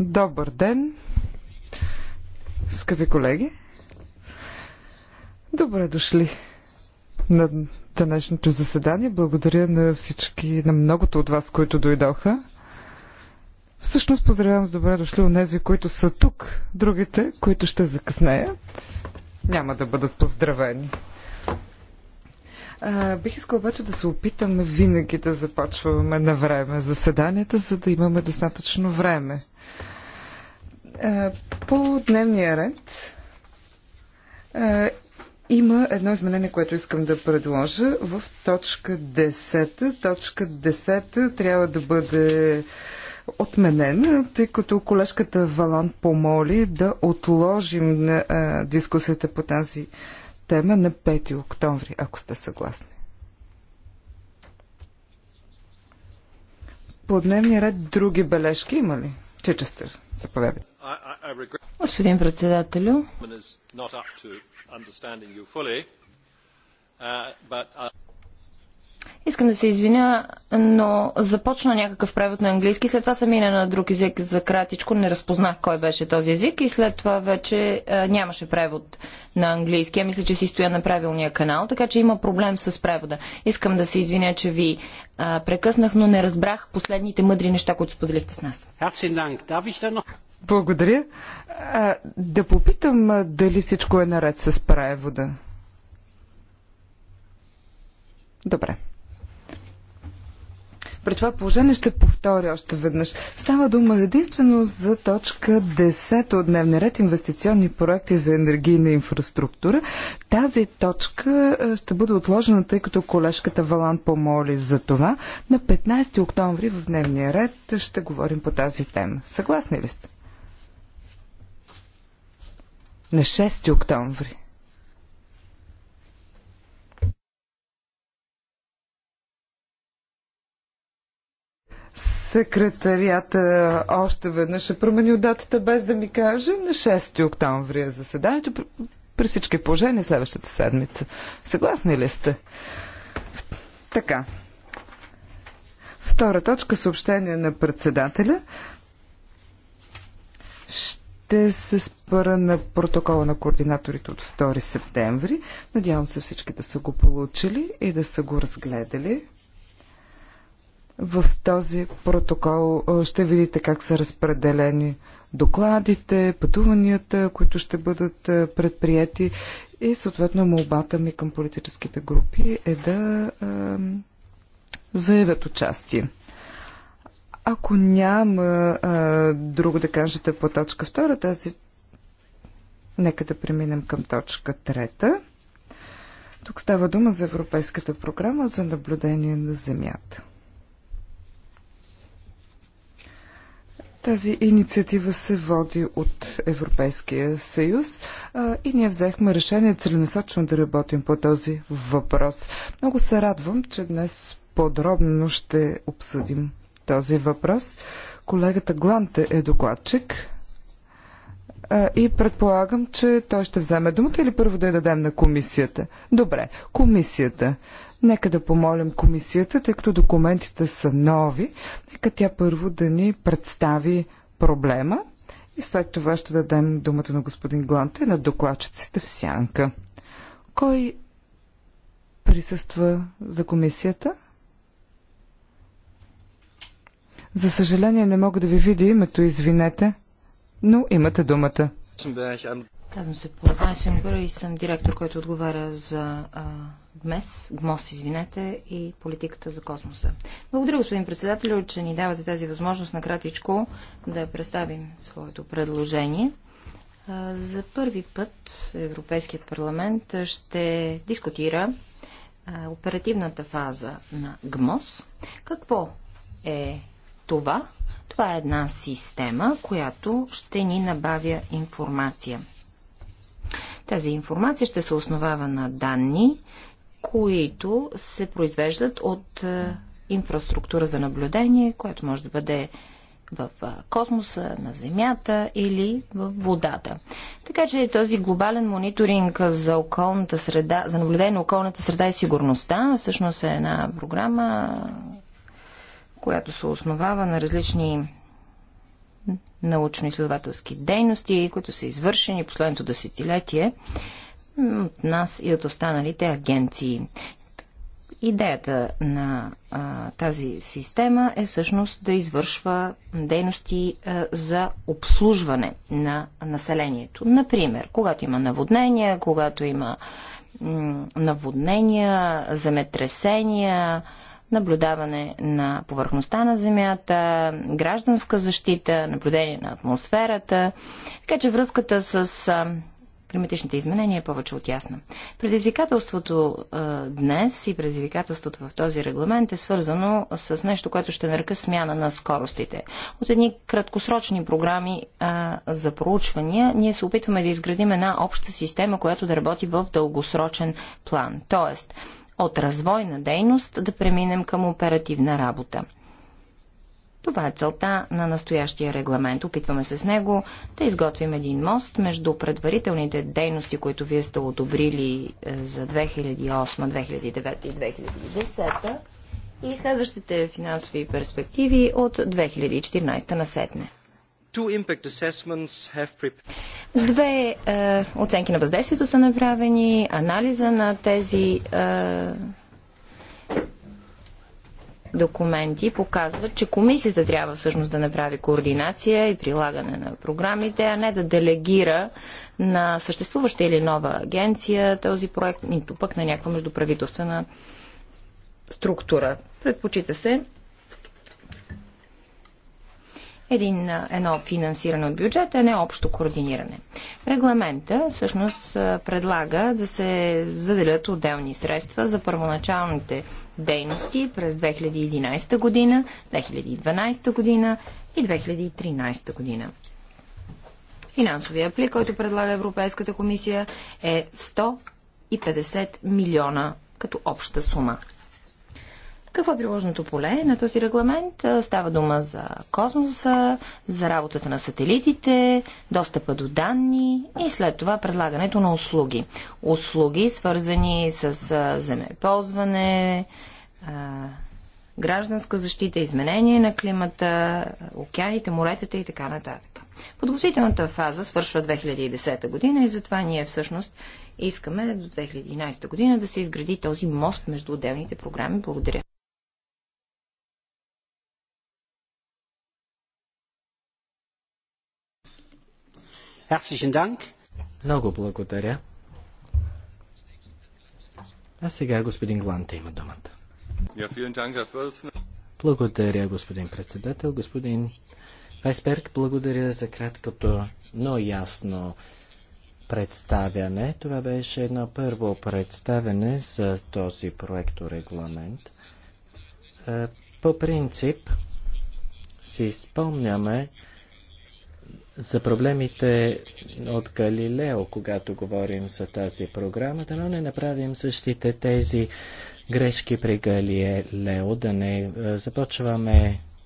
Добър ден, скъпи колеги. Добре дошли на днешното заседание. Благодаря на всички, на многото от вас, които дойдоха. Всъщност поздравявам с добре дошли от тези, които са тук. Другите, които ще закъснеят, няма да бъдат поздравени. А, бих искал обаче да се опитаме винаги да започваме на време заседанията, за да имаме достатъчно време. А, по дневния ред а, има едно изменение, което искам да предложа в точка 10. Точка 10 трябва да бъде отменена, тъй като колежката Валан помоли да отложим дискусията по тази тема на 5 октомври, ако сте съгласни. По дневния ред други бележки има ли? Чичестър, заповядайте. Господин председателю, Искам да се извиня, но започна някакъв превод на английски, след това се мина на друг език за кратичко, не разпознах кой беше този език и след това вече а, нямаше превод на английски. Я мисля, че си стоя на правилния канал, така че има проблем с превода. Искам да се извиня, че ви а, прекъснах, но не разбрах последните мъдри неща, които споделихте с нас. Благодаря. А, да попитам а, дали всичко е наред с превода. Добре. При това положение ще повторя още веднъж. Става дума единствено за точка 10 от дневния ред инвестиционни проекти за енергийна инфраструктура. Тази точка е, ще бъде отложена, тъй като колежката Валан помоли за това. На 15 октомври в дневния ред ще говорим по тази тема. Съгласни ли сте? На 6 октомври. Секретарията още веднъж е променил датата, без да ми каже. На 6 октомври е заседанието. При всички положения следващата седмица. Съгласни ли сте? Така. Втора точка съобщение на председателя. Ще се спъра на протокола на координаторите от 2 септември. Надявам се всички да са го получили и да са го разгледали. В този протокол ще видите как са разпределени докладите, пътуванията, които ще бъдат предприяти и съответно молбата ми към политическите групи е да е, заявят участие. Ако няма е, друго да кажете по точка втора, тази нека да преминем към точка трета. Тук става дума за Европейската програма за наблюдение на Земята. Тази инициатива се води от Европейския съюз а, и ние взехме решение целенасочено да работим по този въпрос. Много се радвам, че днес подробно ще обсъдим този въпрос. Колегата Гланте е докладчик а, и предполагам, че той ще вземе думата или първо да я дадем на комисията. Добре, комисията. Нека да помолим комисията, тъй като документите са нови, нека тя първо да ни представи проблема и след това ще дадем думата на господин Гланте на докладчиците в сянка. Кой присъства за комисията? За съжаление не мога да ви видя името, извинете, но имате думата. Казвам се Пола Тайсенгър и съм директор, който отговаря за а, ГМЕС, ГМОС, извинете, и политиката за космоса. Благодаря, господин председател, че ни давате тази възможност накратичко да представим своето предложение. За първи път Европейският парламент ще дискутира оперативната фаза на ГМОС. Какво е това? Това е една система, която ще ни набавя информация. Тази информация ще се основава на данни, които се произвеждат от инфраструктура за наблюдение, която може да бъде в космоса, на Земята или в водата. Така че този глобален мониторинг за околната среда, за наблюдение на околната среда и сигурността, всъщност е една програма, която се основава на различни научно-изследователски дейности, които са извършени последното десетилетие от нас и от останалите агенции. Идеята на а, тази система е всъщност да извършва дейности а, за обслужване на населението. Например, когато има наводнения, когато има наводнения, земетресения, наблюдаване на повърхността на Земята, гражданска защита, наблюдение на атмосферата. Така че връзката с Климатичните изменения е повече от ясна. Предизвикателството а, днес и предизвикателството в този регламент е свързано с нещо, което ще нарека смяна на скоростите. От едни краткосрочни програми а, за проучвания ние се опитваме да изградим една обща система, която да работи в дългосрочен план. Тоест, от развойна дейност да преминем към оперативна работа. Това е целта на настоящия регламент. Опитваме се с него да изготвим един мост между предварителните дейности, които вие сте одобрили е, за 2008, 2009 и 2010 и следващите финансови перспективи от 2014 на сетне. Две е, оценки на въздействието са направени, анализа на тези е, документи показват, че комисията трябва всъщност да направи координация и прилагане на програмите, а не да делегира на съществуваща или нова агенция този проект, нито пък на някаква междуправителствена структура. Предпочита се един, едно финансиране от бюджета, а не общо координиране. Регламента всъщност предлага да се заделят отделни средства за първоначалните дейности през 2011 година, 2012 година и 2013 година. Финансовия плик, който предлага Европейската комисия е 150 милиона като обща сума. Какво е приложното поле на този регламент? Става дума за космоса, за работата на сателитите, достъпа до данни и след това предлагането на услуги. Услуги, свързани с земеползване, гражданска защита, изменение на климата, океаните, моретата и така нататък. Подготвителната фаза свършва 2010 година и затова ние всъщност искаме до 2011 година да се изгради този мост между отделните програми. Благодаря. Herzlichen Dank. Много благодаря. А сега господин Гланте има думата. Благодаря, господин председател. Господин Вайсберг, благодаря за краткото, но ясно представяне. Това беше едно първо представяне за този проекторегламент. Е, по принцип си спомняме за проблемите от Галилео, когато говорим за тази програма, да не направим същите тези грешки при Галилео, да не е, започваме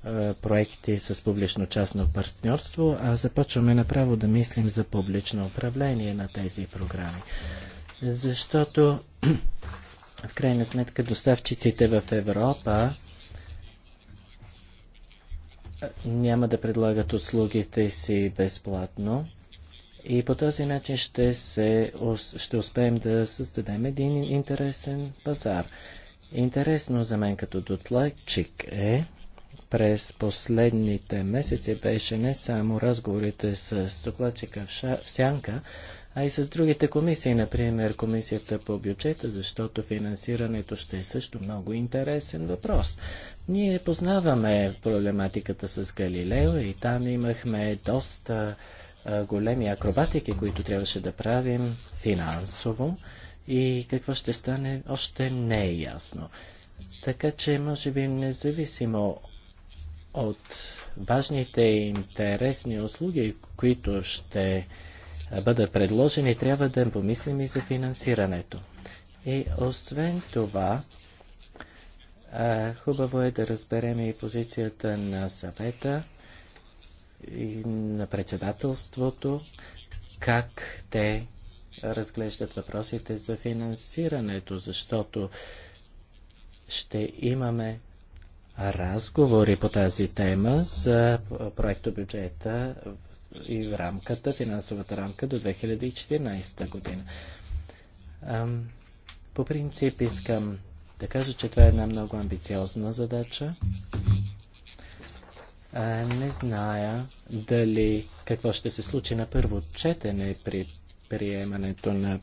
е, проекти с публично-частно партньорство, а започваме направо да мислим за публично управление на тези програми. Защото в крайна сметка доставчиците в Европа няма да предлагат услугите си безплатно. И по този начин ще, се, ще успеем да създадем един интересен пазар. Интересно за мен като дотлайчик е, през последните месеци беше не само разговорите с докладчика в, в Сянка, а и с другите комисии, например комисията по бюджета, защото финансирането ще е също много интересен въпрос. Ние познаваме проблематиката с Галилео и там имахме доста а, големи акробатики, които трябваше да правим финансово и какво ще стане още не е ясно. Така че, може би, независимо от важните и интересни услуги, които ще бъдат предложени, трябва да помислим и за финансирането. И освен това, хубаво е да разберем и позицията на съвета и на председателството, как те разглеждат въпросите за финансирането, защото ще имаме разговори по тази тема за в и рамката, финансовата рамка до 2014 година. По принцип искам да кажа, че това е една много амбициозна задача. Не зная дали какво ще се случи на първо четене при приемането на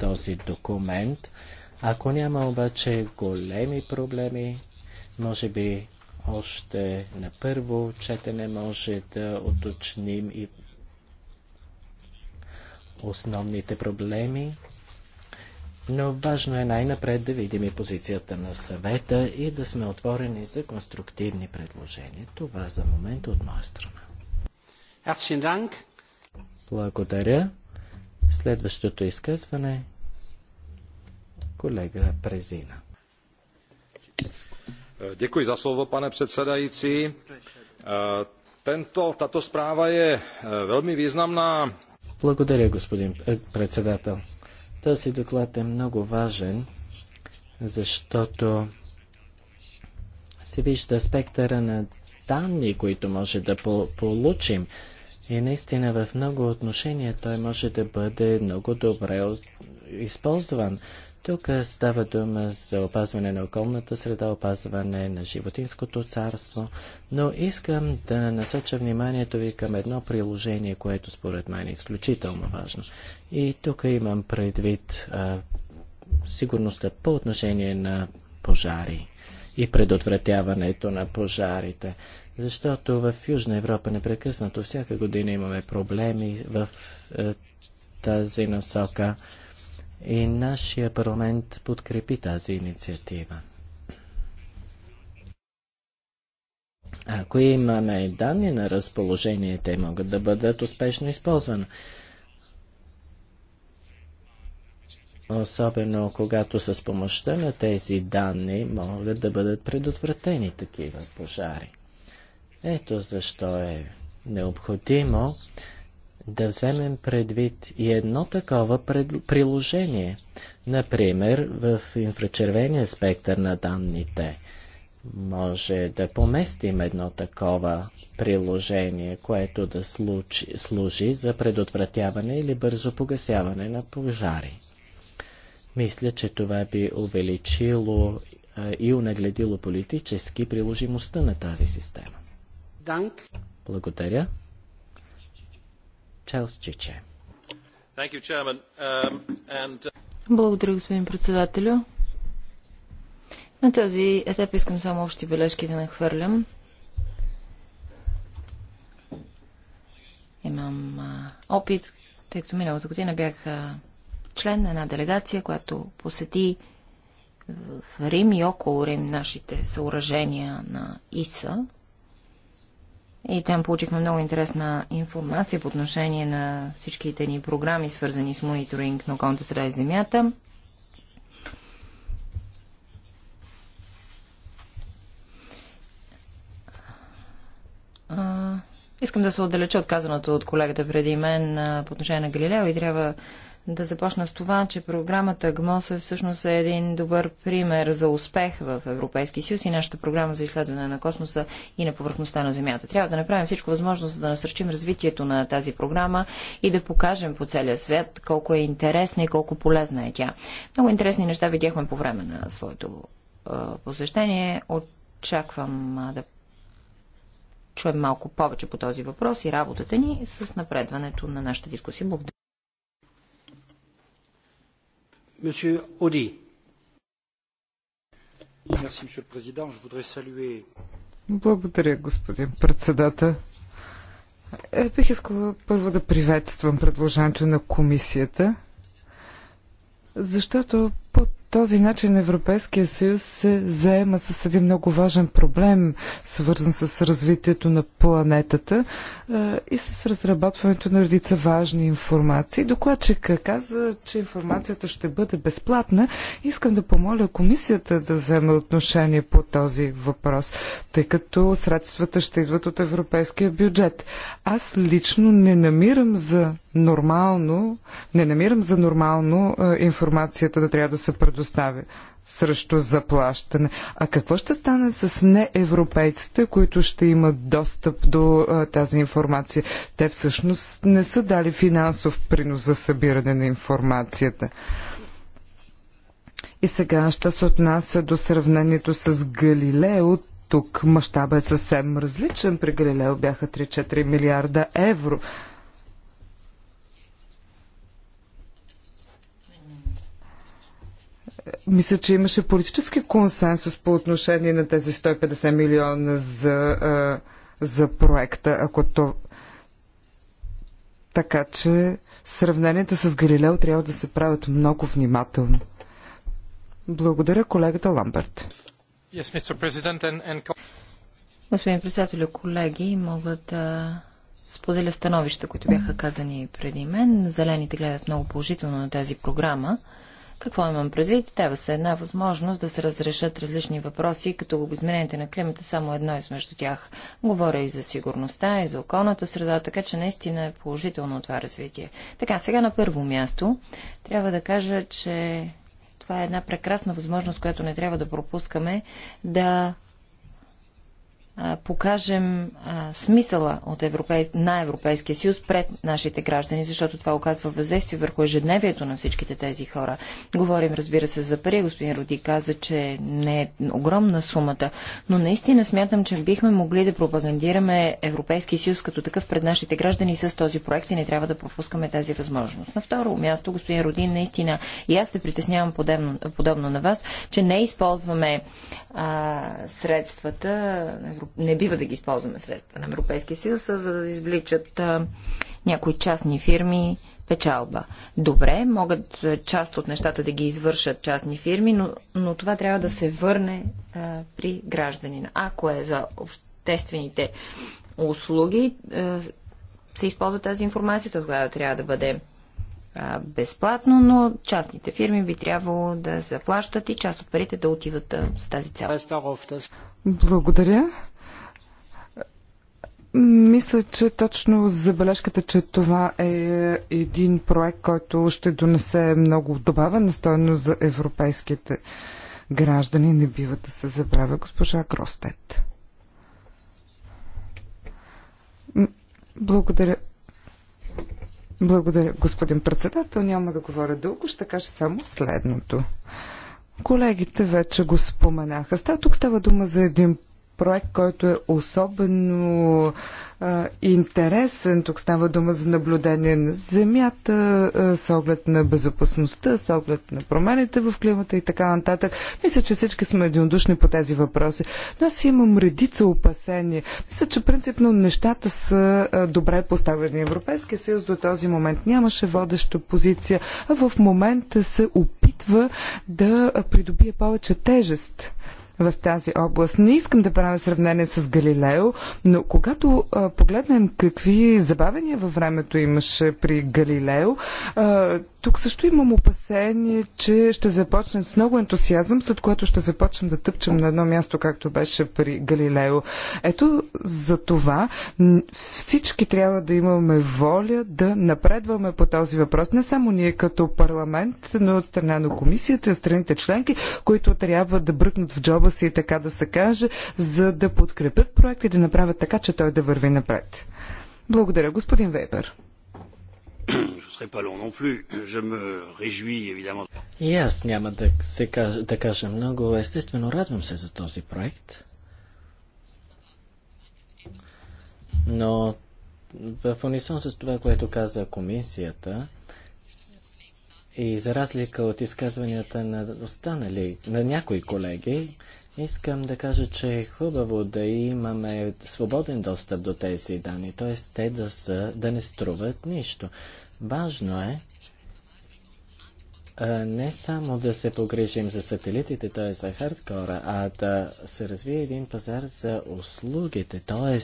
този документ. Ако няма обаче големи проблеми, може би още на първо четене може да уточним и основните проблеми, но важно е най-напред да видим и позицията на съвета и да сме отворени за конструктивни предложения. Това за момент от моя страна. Благодаря. Следващото изказване колега Презина pane předsedající tato zpráva je eh, velmi významná. Благодаря, господин е, председател. Този доклад е много важен, защото се вижда спектъра на данни, които може да получим. И наистина в много отношения той може да бъде много добре използван. Тук става дума за опазване на околната среда, опазване на животинското царство, но искам да насоча вниманието ви към едно приложение, което според мен е изключително важно. И тук имам предвид а, сигурността по отношение на пожари и предотвратяването на пожарите. Защото в Южна Европа непрекъснато всяка година имаме проблеми в е, тази насока и нашия парламент подкрепи тази инициатива. Ако имаме данни на разположение, те могат да бъдат успешно използвани. Особено когато с помощта на тези данни могат да бъдат предотвратени такива пожари. Ето защо е необходимо да вземем предвид и едно такова пред... приложение. Например, в инфрачервения спектър на данните може да поместим едно такова приложение, което да случи, служи за предотвратяване или бързо погасяване на пожари. Мисля, че това би увеличило и унагледило политически приложимостта на тази система. Данк. Благодаря. Um, uh, Благодаря, господин председателю. На този етап искам само общи бележки да нахвърлям. Имам а, опит, тъй като миналата година бях а, член на една делегация, която посети в Рим и около Рим нашите съоръжения на ИСА. И там получихме много интересна информация по отношение на всичките ни програми, свързани с мониторинг на околната среда и земята. А, искам да се отдалеча от казаното от колегата преди мен по отношение на Галилео и трябва да започна с това, че програмата ГМОС е всъщност е един добър пример за успех в Европейски съюз и нашата програма за изследване на космоса и на повърхността на Земята. Трябва да направим всичко възможно, за да насърчим развитието на тази програма и да покажем по целия свят колко е интересна и колко полезна е тя. Много интересни неща видяхме по време на своето е, посещение. Очаквам да чуем малко повече по този въпрос и работата ни с напредването на нашата дискусия. Благодаря. Monsieur Audy. Merci, Monsieur le Président. Je voudrais saluer. Благодаря, господин председател. Е, бих искала първо да приветствам предложението на комисията, защото под този начин Европейския съюз се заема с един много важен проблем, свързан с развитието на планетата и с разработването на редица важни информации. Докладчика каза, че информацията ще бъде безплатна. Искам да помоля комисията да вземе отношение по този въпрос, тъй като средствата ще идват от европейския бюджет. Аз лично не намирам за нормално, не намирам за нормално информацията да трябва да се предостави срещу заплащане. А какво ще стане с неевропейците, които ще имат достъп до а, тази информация? Те всъщност не са дали финансов принос за събиране на информацията. И сега, ще се отнася до сравнението с Галилео, тук мащаба е съвсем различен. При Галилео бяха 3-4 милиарда евро. мисля, че имаше политически консенсус по отношение на тези 150 милиона за, за проекта, ако то... Така че сравненията с Галилео трябва да се правят много внимателно. Благодаря колегата Ламберт. Yes, and... Господин председател, колеги, мога да споделя становища, които бяха казани преди мен. Зелените гледат много положително на тази програма. Какво имам предвид? Дава се една възможност да се разрешат различни въпроси, като изменените на климата само едно между тях. Говоря и за сигурността, и за околната среда, така че наистина е положително това развитие. Така, сега на първо място трябва да кажа, че това е една прекрасна възможност, която не трябва да пропускаме, да покажем смисъла от европейс... на Европейския съюз пред нашите граждани, защото това оказва въздействие върху ежедневието на всичките тези хора. Говорим, разбира се, за пари. Господин Роди каза, че не е огромна сумата, но наистина смятам, че бихме могли да пропагандираме Европейския съюз като такъв пред нашите граждани с този проект и не трябва да пропускаме тази възможност. На второ място, господин Роди, наистина и аз се притеснявам подобно, подобно на вас, че не използваме а, средствата на не бива да ги използваме средства на Европейския съюз, за да извличат а, някои частни фирми печалба. Добре, могат част от нещата да ги извършат частни фирми, но, но това трябва да се върне а, при гражданина. Ако е за обществените услуги, а, се използва тази информация, тогава трябва да бъде безплатно, но частните фирми би трябвало да заплащат и част от парите да отиват с тази цел. Благодаря. Мисля, че точно забележката, че това е един проект, който ще донесе много добавена стойност за европейските граждани, не бива да се забравя госпожа Кростет. Благодаря. Благодаря, господин председател. Няма да говоря дълго, ще кажа само следното. Колегите вече го споменаха. Става, тук става дума за един проект, който е особено а, интересен. Тук става дума за наблюдение на Земята, а, с оглед на безопасността, с оглед на промените в климата и така нататък. Мисля, че всички сме единодушни по тези въпроси. Но аз имам редица опасения. Мисля, че принципно нещата са а, добре поставени. Европейския съюз до този момент нямаше водеща позиция, а в момента се опитва да придобие повече тежест в тази област. Не искам да правя сравнение с Галилео, но когато а, погледнем какви забавения във времето имаше при Галилео, а, тук също имам опасение, че ще започнем с много ентусиазъм, след което ще започнем да тъпчем на едно място, както беше при Галилео. Ето за това всички трябва да имаме воля да напредваме по този въпрос. Не само ние като парламент, но от страна на комисията и страните членки, които трябва да бръкнат в джоба ръкава си, така да се каже, за да подкрепят проект и да направят така, че той да върви напред. Благодаря, господин Вейбер. И аз няма да, се кажа, да кажа много. Естествено, радвам се за този проект. Но в унисон с това, което каза комисията, и за разлика от изказванията на останали, на някои колеги, искам да кажа, че е хубаво да имаме свободен достъп до тези данни, т.е. те да, са, да не струват нищо. Важно е не само да се погрежим за сателитите, т.е. за хардкора, а да се развие един пазар за услугите, т.е.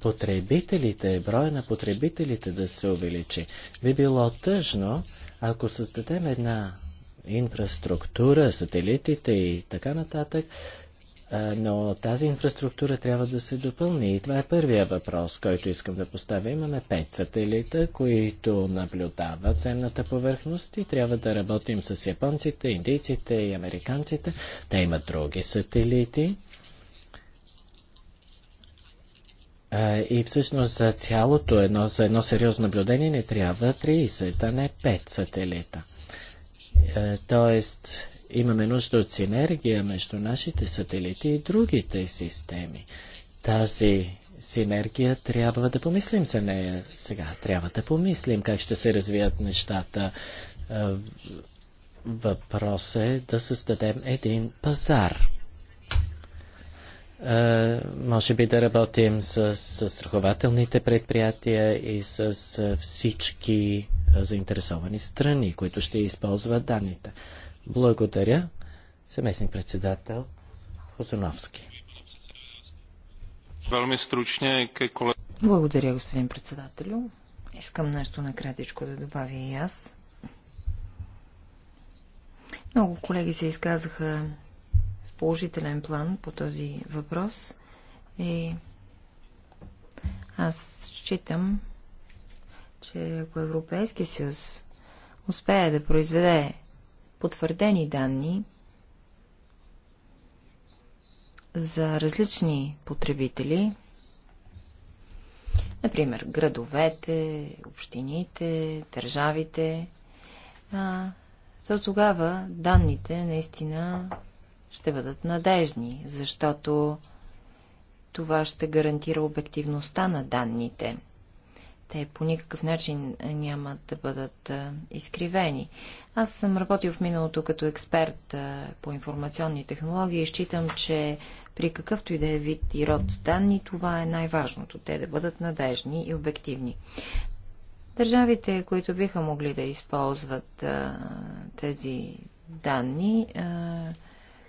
потребителите, броя на потребителите да се увеличи. Би било тъжно, ако създадем една инфраструктура, сателитите и така нататък, но тази инфраструктура трябва да се допълни. И това е първия въпрос, който искам да поставя. Имаме пет сателита, които наблюдават земната повърхност и трябва да работим с японците, индийците и американците. Те имат други сателити. И всъщност за цялото едно, за едно сериозно наблюдение не трябва 30, а не 5 сателита. Тоест, Имаме нужда от синергия между нашите сателити и другите системи. Тази синергия трябва да помислим за нея сега. Трябва да помислим как ще се развият нещата. Е, въпрос е да създадем един пазар. Е, може би да работим с страхователните предприятия и с всички е, заинтересовани страни, които ще използват данните. Благодаря. Съместник председател Хозуновски. Е Благодаря, господин председателю. Искам нещо накратичко да добавя и аз. Много колеги се изказаха в положителен план по този въпрос и аз считам, че ако Европейския съюз успее да произведе потвърдени данни за различни потребители, например градовете, общините, държавите, за то тогава данните наистина ще бъдат надежни, защото това ще гарантира обективността на данните – те по никакъв начин няма да бъдат изкривени. Аз съм работил в миналото като експерт по информационни технологии и считам, че при какъвто и да е вид и род данни, това е най-важното. Те да бъдат надежни и обективни. Държавите, които биха могли да използват тези данни,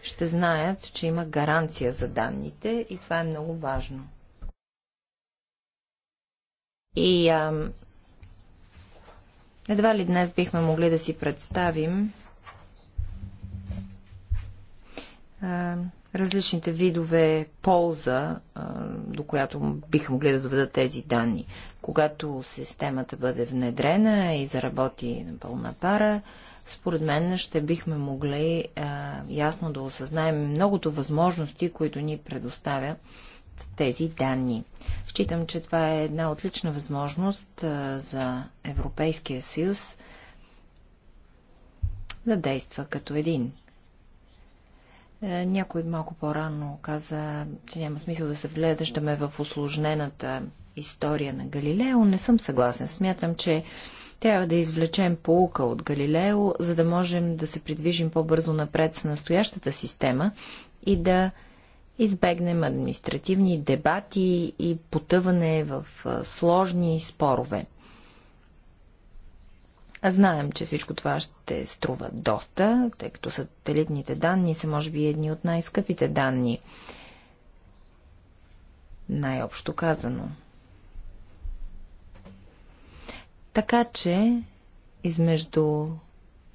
ще знаят, че има гаранция за данните и това е много важно. И а, едва ли днес бихме могли да си представим а, различните видове полза, а, до която биха могли да доведат тези данни. Когато системата бъде внедрена и заработи на пълна пара, според мен ще бихме могли а, ясно да осъзнаем многото възможности, които ни предоставя тези данни. Считам, че това е една отлична възможност за Европейския съюз да действа като един. Някой малко по-рано каза, че няма смисъл да се вледащаме в осложнената история на Галилео. Не съм съгласен. Смятам, че трябва да извлечем полука от Галилео, за да можем да се придвижим по-бързо напред с настоящата система и да избегнем административни дебати и потъване в сложни спорове. знаем, че всичко това ще струва доста, тъй като сателитните данни са може би едни от най-скъпите данни. Най-общо казано. Така че, измежду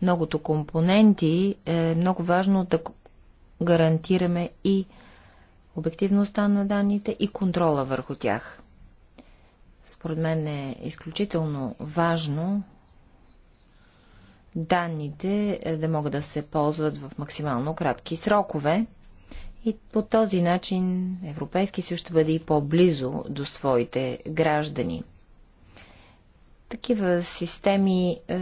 многото компоненти е много важно да гарантираме и обективността на данните и контрола върху тях. Според мен е изключително важно данните е, да могат да се ползват в максимално кратки срокове и по този начин Европейски съюз ще бъде и по-близо до своите граждани. Такива системи е,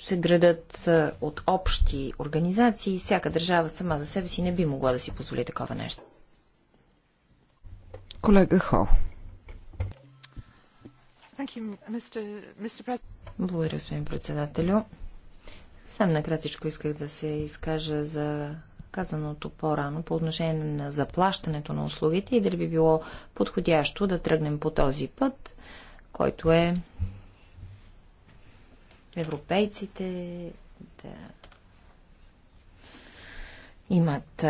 се градат е, от общи организации. Всяка държава сама за себе си не би могла да си позволи такова нещо. Колега Хол. Благодаря, господин председателю. Сам накратичко исках да се изкажа за казаното по-рано по отношение на заплащането на услугите и дали би било подходящо да тръгнем по този път, който е европейците да имат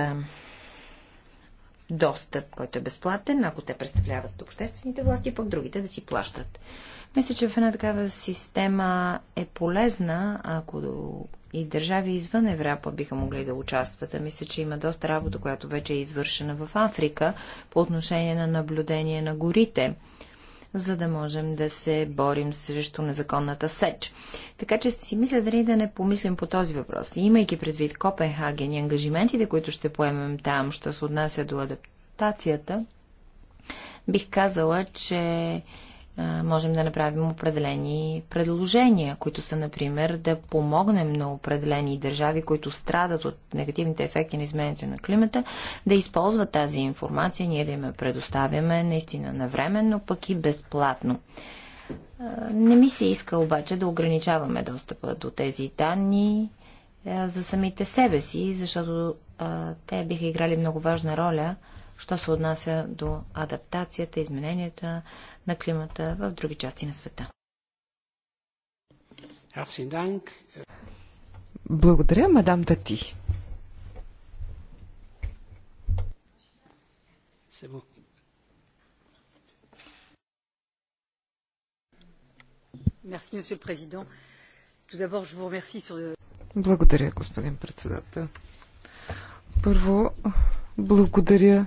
достъп, който е безплатен, ако те представляват обществените власти, пък другите да си плащат. Мисля, че в една такава система е полезна, ако и държави извън Европа биха могли да участват. А мисля, че има доста работа, която вече е извършена в Африка по отношение на наблюдение на горите за да можем да се борим срещу незаконната сеч. Така че си мисля дали да не помислим по този въпрос. И имайки предвид Копенхаген и ангажиментите, които ще поемем там, що се отнася до адаптацията, бих казала, че можем да направим определени предложения, които са, например, да помогнем на определени държави, които страдат от негативните ефекти на изменението на климата, да използват тази информация, ние да им я предоставяме наистина навременно, пък и безплатно. Не ми се иска обаче да ограничаваме достъпа до тези данни за самите себе си, защото те биха играли много важна роля – що се отнася до адаптацията, измененията на климата в други части на света. Благодаря, мадам Тати. Благодаря, господин председател. Първо, благодаря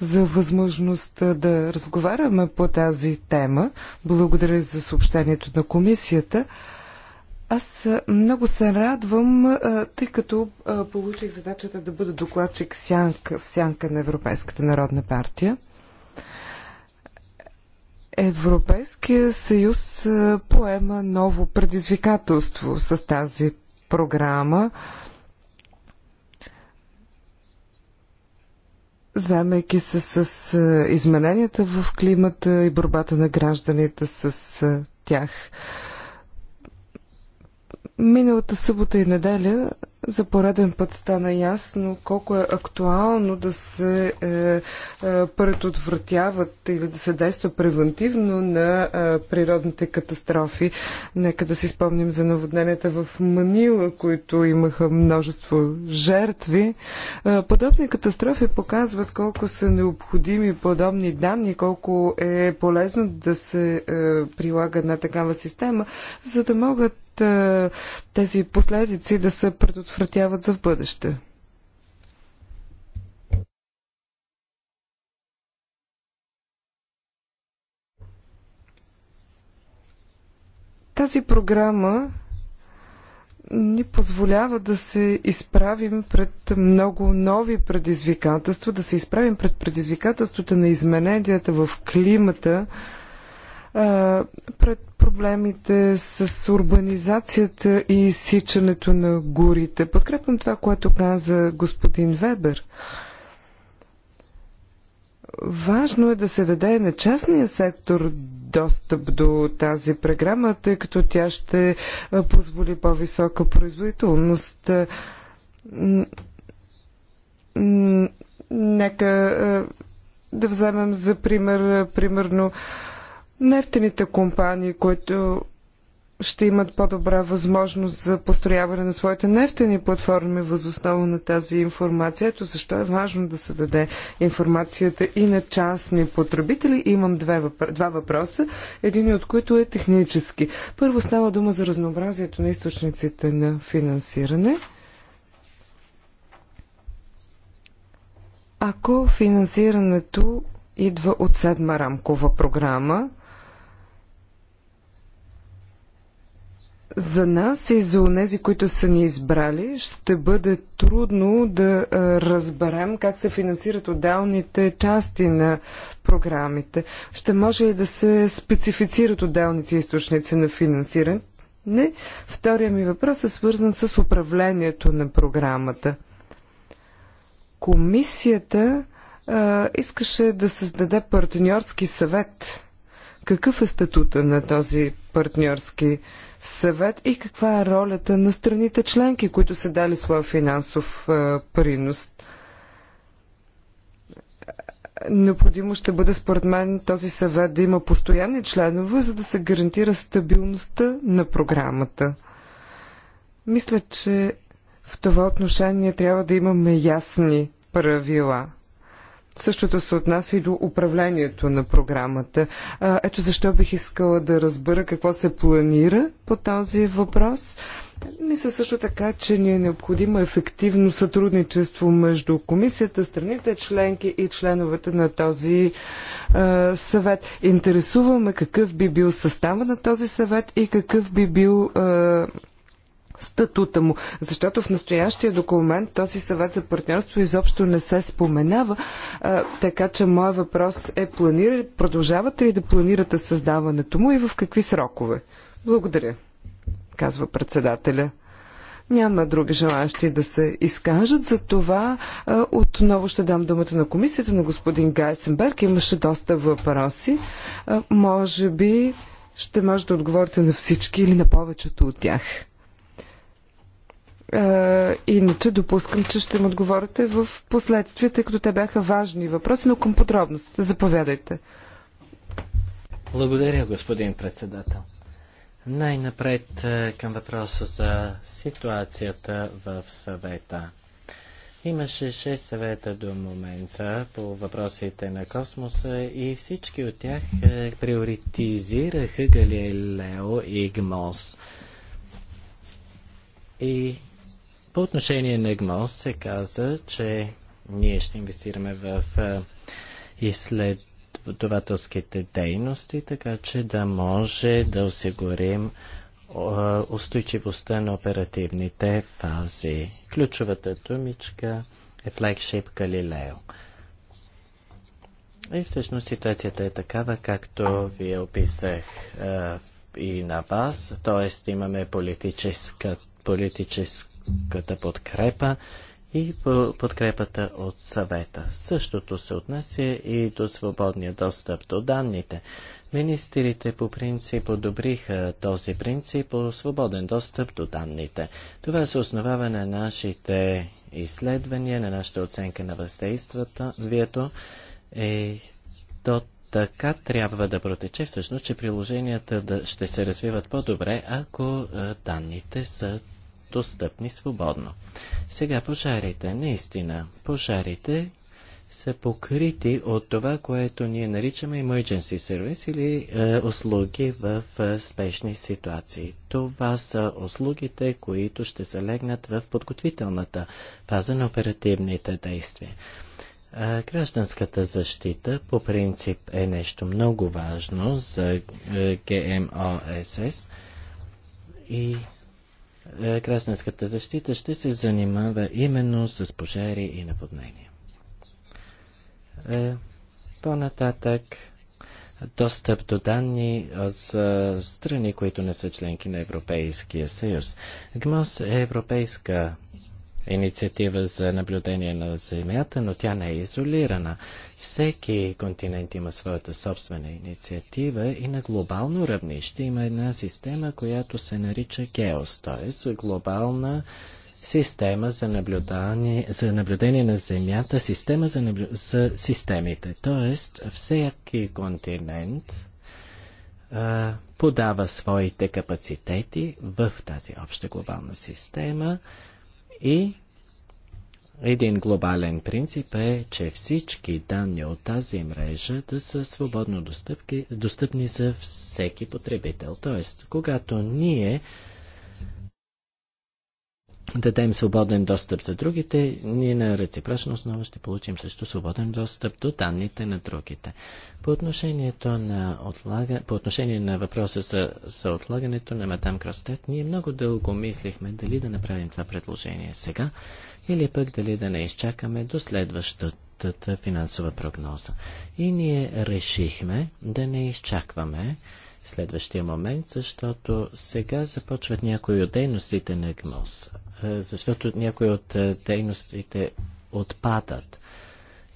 за възможността да разговаряме по тази тема. Благодаря за съобщението на комисията. Аз много се радвам, тъй като получих задачата да бъда докладчик сянка, в сянка на Европейската народна партия. Европейския съюз поема ново предизвикателство с тази програма. заемайки се с измененията в климата и борбата на гражданите с тях. Миналата събота и неделя за пореден път стана ясно колко е актуално да се е, е, предотвратяват или да се действа превентивно на е, природните катастрофи. Нека да си спомним за наводненията в Манила, които имаха множество жертви. Е, подобни катастрофи показват колко са необходими подобни данни, колко е полезно да се е, прилага на такава система, за да могат е, тези последици да се предотвратяват за в бъдеще. Тази програма ни позволява да се изправим пред много нови предизвикателства, да се изправим пред предизвикателствата на измененията в климата, пред проблемите с урбанизацията и изсичането на горите. Подкрепям това, което каза господин Вебер. Важно е да се даде на частния сектор достъп до тази програма, тъй като тя ще позволи по-висока производителност. Нека да вземем за пример, примерно, нефтените компании, които ще имат по-добра възможност за построяване на своите нефтени платформи въз основа на тази информация. Ето защо е важно да се даде информацията и на частни потребители. Имам две, два въпроса, един от които е технически. Първо става дума за разнообразието на източниците на финансиране. Ако финансирането идва от седма рамкова програма, За нас и за онези, които са ни избрали, ще бъде трудно да разберем как се финансират отделните части на програмите. Ще може ли да се специфицират отделните източници на финансиране? Не. Втория ми въпрос е свързан с управлението на програмата. Комисията а, искаше да създаде партньорски съвет. Какъв е статута на този партньорски съвет? съвет и каква е ролята на страните членки, които са дали своя финансов е, принос? Необходимо ще бъде, според мен, този съвет да има постоянни членове, за да се гарантира стабилността на програмата. Мисля, че в това отношение трябва да имаме ясни правила. Същото се отнася и до управлението на програмата. Ето защо бих искала да разбера какво се планира по този въпрос. Мисля също така, че ни е необходимо ефективно сътрудничество между комисията, страните членки и членовете на този е, съвет. Интересуваме какъв би бил състава на този съвет и какъв би бил е, статута му. Защото в настоящия документ този съвет за партньорство изобщо не се споменава, а, така че моят въпрос е планира, продължавате ли да планирате създаването му и в какви срокове? Благодаря, казва председателя. Няма други желащи да се изкажат, за това а, отново ще дам думата на комисията на господин Гайсенберг. Имаше доста въпроси. А, може би ще може да отговорите на всички или на повечето от тях иначе допускам, че ще им отговорите в последствие, тъй като те бяха важни въпроси, но към подробност. Заповядайте. Благодаря, господин председател. Най-напред към въпроса за ситуацията в съвета. Имаше 6 съвета до момента по въпросите на космоса и всички от тях приоритизираха Галилео и ГМОС. И по отношение на ГМОС се каза, че ние ще инвестираме в изследователските дейности, така че да може да осигурим устойчивостта на оперативните фази. Ключовата думичка е флагшип Галилео. И всъщност ситуацията е такава, както ви описах е, и на вас, т.е. имаме политическа, политическа като подкрепа и подкрепата от съвета. Същото се отнася и до свободния достъп до данните. Министрите по принцип одобриха този принцип по свободен достъп до данните. Това се основава на нашите изследвания, на нашата оценка на вието Е, то така трябва да протече всъщност, че приложенията да, ще се развиват по-добре, ако е, данните са достъпни свободно. Сега пожарите, наистина, пожарите са покрити от това, което ние наричаме emergency service или е, услуги в е, спешни ситуации. Това са услугите, които ще се легнат в подготвителната фаза на оперативните действия. Е, гражданската защита по принцип е нещо много важно за е, ГМОСС и гражданската е, защита ще се занимава именно с пожари и наводнения. Е, по-нататък достъп до данни за страни, които не са членки на Европейския съюз. ГМОС е европейска инициатива за наблюдение на Земята, но тя не е изолирана. Всеки континент има своята собствена инициатива и на глобално равнище има една система, която се нарича ГЕОС, т.е. глобална система за наблюдение, за наблюдение на Земята, система за, наблю... за системите. Т.е. всеки континент подава своите капацитети в тази обща глобална система и един глобален принцип е, че всички данни от тази мрежа да са свободно достъпки, достъпни за всеки потребител. Тоест, когато ние дадем свободен достъп за другите, ние на реципрочна основа ще получим също свободен достъп до данните на другите. По, отношението на отлага... по отношение на въпроса за, за отлагането на Мадам Кростет, ние много дълго мислихме дали да направим това предложение сега или пък дали да не изчакаме до следващата финансова прогноза. И ние решихме да не изчакваме следващия момент, защото сега започват някои от дейностите на ГМОС. Е, защото някои от е, дейностите отпадат.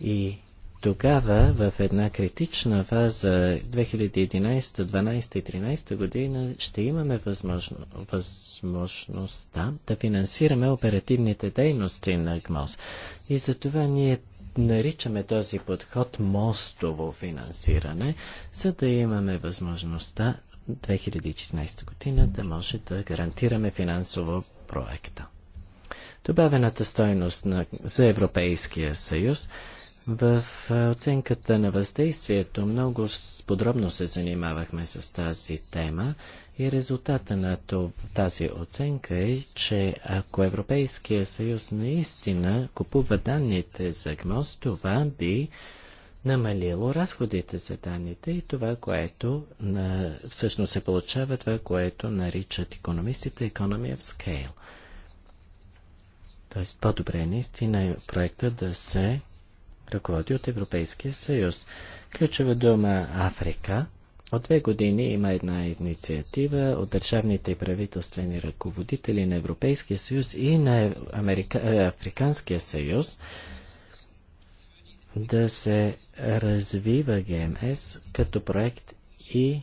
И тогава, в една критична фаза 2011, 2012 и 2013 година, ще имаме възможно, възможността да финансираме оперативните дейности на ГМОС. И за това ние наричаме този подход мостово финансиране, за да имаме възможността 2014 година да може да гарантираме финансово проекта добавената стойност на, за Европейския съюз. В оценката на въздействието много подробно се занимавахме с тази тема и резултата на тази оценка е, че ако Европейския съюз наистина купува данните за ГМОС, това би намалило разходите за данните и това, което на... всъщност се получава това, което наричат економистите economy of scale. Тоест, по-добре е наистина е проекта да се ръководи от Европейския съюз. Ключова дума Африка. От две години има една инициатива от държавните и правителствени ръководители на Европейския съюз и на Америка... Е, Африканския съюз да се развива ГМС като проект и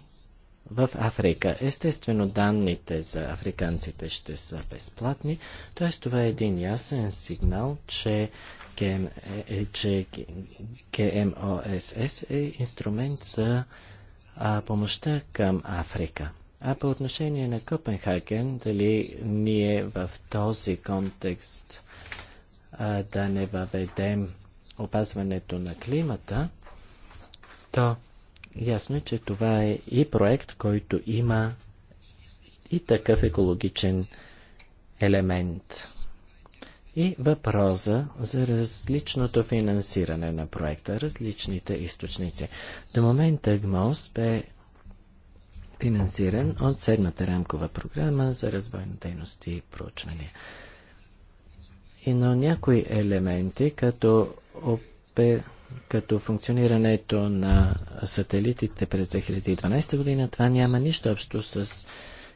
в Африка. Естествено, данните за африканците ще са безплатни, т.е. това е един ясен сигнал, че КМ, е, че КМОСС е, е инструмент за а, помощта към Африка. А по отношение на Копенхаген, дали ние в този контекст а, да не въведем опазването на климата, то Ясно е, че това е и проект, който има и такъв екологичен елемент. И въпроса за различното финансиране на проекта, различните източници. До момента ГМОС бе финансиран от седмата рамкова програма за развой на дейности и проучвания. И на някои елементи, като опер като функционирането на сателитите през 2012 година, това няма нищо общо с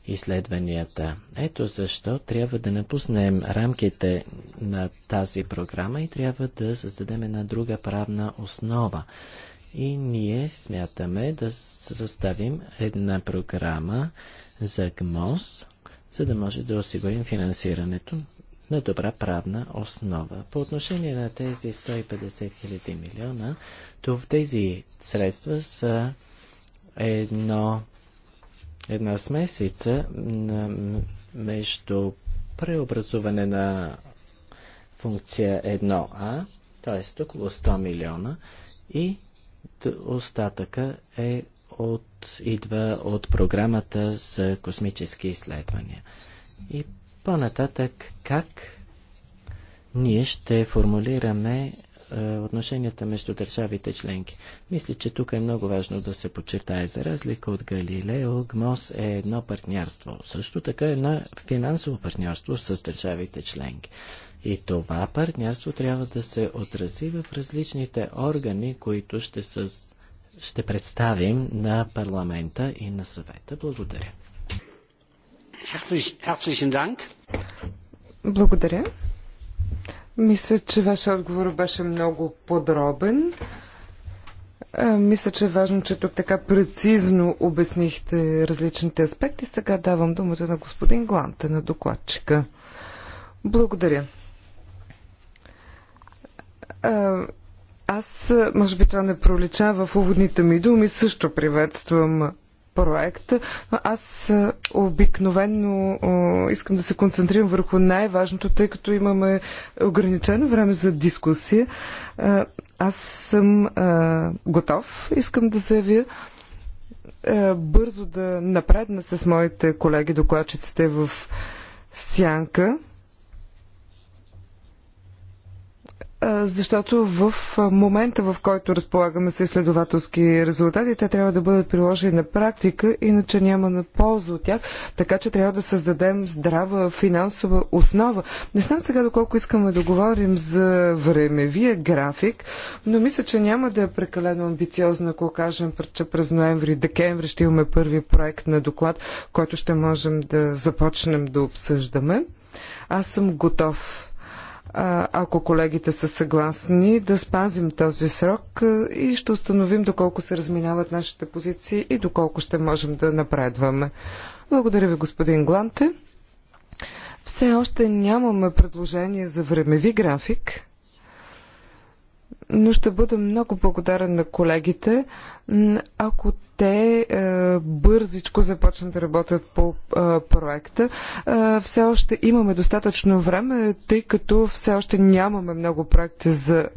изследванията. Ето защо трябва да напуснем рамките на тази програма и трябва да създадем една друга правна основа. И ние смятаме да съставим една програма за ГМОС, за да може да осигурим финансирането на добра правна основа. По отношение на тези 150 000 милиона, то в тези средства са едно, една смесица на, между преобразуване на функция 1А, т.е. около 100 милиона и остатъка е от, идва от програмата за космически изследвания. И по-нататък, как ние ще формулираме е, отношенията между държавите членки. Мисля, че тук е много важно да се подчертае за разлика от Галилео. ГМОС е едно партньорство. Също така е едно финансово партньорство с държавите членки. И това партньорство трябва да се отрази в различните органи, които ще, със... ще представим на парламента и на съвета. Благодаря. Благодаря. Мисля, че вашия отговор беше много подробен. Мисля, че е важно, че тук така прецизно обяснихте различните аспекти. Сега давам думата на господин Гланта, на докладчика. Благодаря. Аз, може би това не пролича в уводните ми думи, също приветствам проект. Аз е, обикновенно е, искам да се концентрирам върху най-важното, тъй като имаме ограничено време за дискусия. Е, аз съм готов. Искам да заявя бързо да напредна с моите колеги докладчиците в Сянка. защото в момента, в който разполагаме с изследователски резултати, те трябва да бъдат приложени на практика, иначе няма на полза от тях, така че трябва да създадем здрава финансова основа. Не знам сега доколко искаме да говорим за времевия график, но мисля, че няма да е прекалено амбициозно, ако кажем, че през ноември декември ще имаме първи проект на доклад, който ще можем да започнем да обсъждаме. Аз съм готов ако колегите са съгласни, да спазим този срок и ще установим доколко се разминават нашите позиции и доколко ще можем да напредваме. Благодаря ви, господин Гланте. Все още нямаме предложение за времеви график но ще бъда много благодарен на колегите, ако те е, бързичко започнат да работят по е, проекта. Е, все още имаме достатъчно време, тъй като все още нямаме много проекти за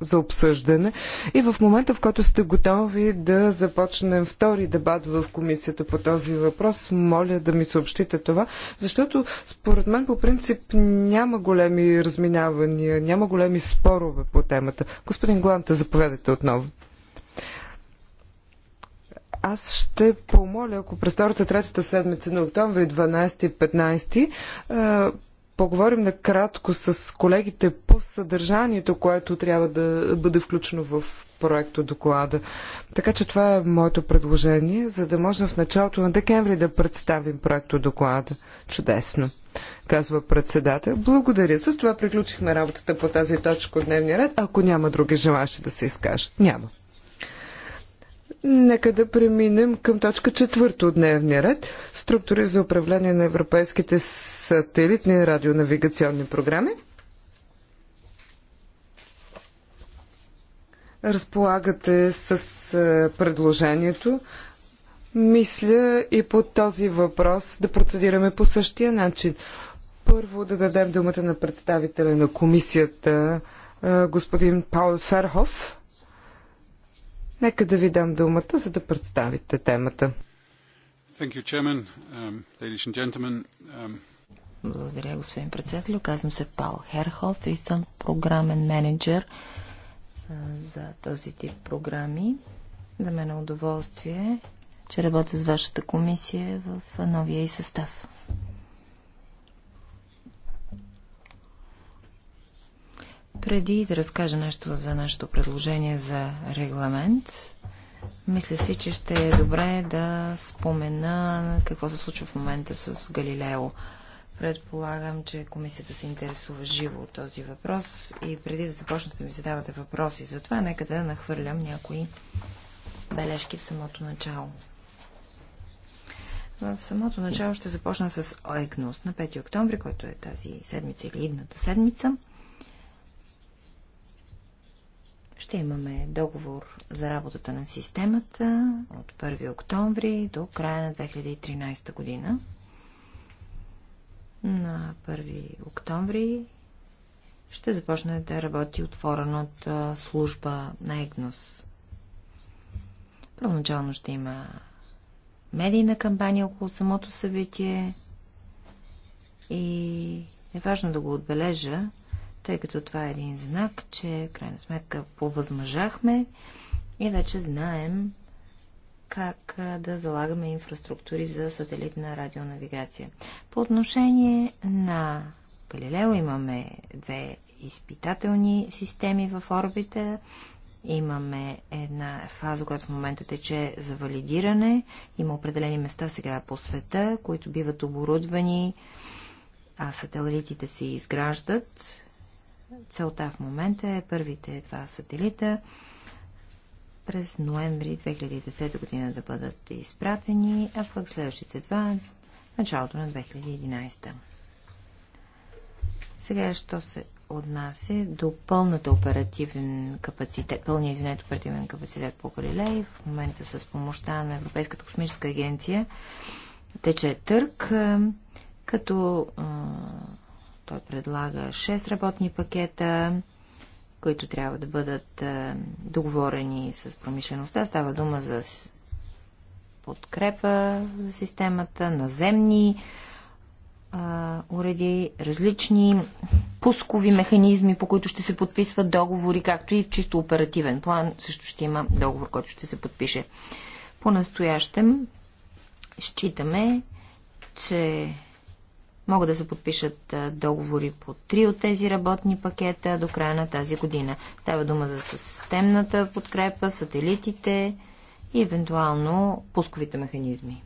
за обсъждане и в момента, в който сте готови да започнем втори дебат в комисията по този въпрос, моля да ми съобщите това, защото според мен по принцип няма големи разминавания, няма големи спорове по темата. Господин Гланта, заповядайте отново аз ще помоля, ако през втората, третата седмица на октомври 12 и 15 поговорим накратко с колегите по съдържанието, което трябва да бъде включено в проекто доклада. Така че това е моето предложение, за да можем в началото на декември да представим проекто доклада. Чудесно, казва председател. Благодаря. С това приключихме работата по тази точка от дневния ред. Ако няма други желащи да се изкажат, няма. Нека да преминем към точка четвърта от дневния ред. Структури за управление на европейските сателитни радионавигационни програми. Разполагате с е, предложението. Мисля и по този въпрос да процедираме по същия начин. Първо да дадем думата на представителя на комисията е, господин Паул Ферхоф. Нека да ви дам думата, за да представите темата. Um, um, Благодаря, господин председател. Казвам се Пал Херхов и съм програмен менеджер за този тип програми. За мен е удоволствие, че работя с вашата комисия в новия и състав. Преди да разкажа нещо за нашето предложение за регламент, мисля си, че ще е добре да спомена какво се случва в момента с Галилео. Предполагам, че комисията се интересува живо от този въпрос и преди да започнете да ми задавате въпроси за това, нека да нахвърлям някои бележки в самото начало. В самото начало ще започна с ОЕКНОС на 5 октомври, който е тази седмица или идната седмица – ще имаме договор за работата на системата от 1 октомври до края на 2013 година. На 1 октомври ще започне да работи отворената служба на ЕГНОС. Първоначално ще има медийна кампания около самото събитие и е важно да го отбележа, тъй като това е един знак, че в крайна сметка повъзмъжахме и вече знаем как да залагаме инфраструктури за сателитна радионавигация. По отношение на Галилео имаме две изпитателни системи в орбита. Имаме една фаза, която в момента тече за валидиране. Има определени места сега по света, които биват оборудвани, а сателитите се изграждат Целта в момента е първите два сателита през ноември 2010 година да бъдат изпратени, а пък следващите два началото на 2011. Сега, що се отнася до пълната оперативен капацитет, пълния, извинете, оперативен капацитет по Галилей, в момента с помощта на Европейската космическа агенция тече търк, като той предлага 6 работни пакета, които трябва да бъдат е, договорени с промишлеността. Става дума за подкрепа за системата, наземни е, уреди, различни пускови механизми, по които ще се подписват договори, както и в чисто оперативен план също ще има договор, който ще се подпише. По-настоящем считаме, че могат да се подпишат договори по три от тези работни пакета до края на тази година. Става дума за системната подкрепа, сателитите и евентуално пусковите механизми.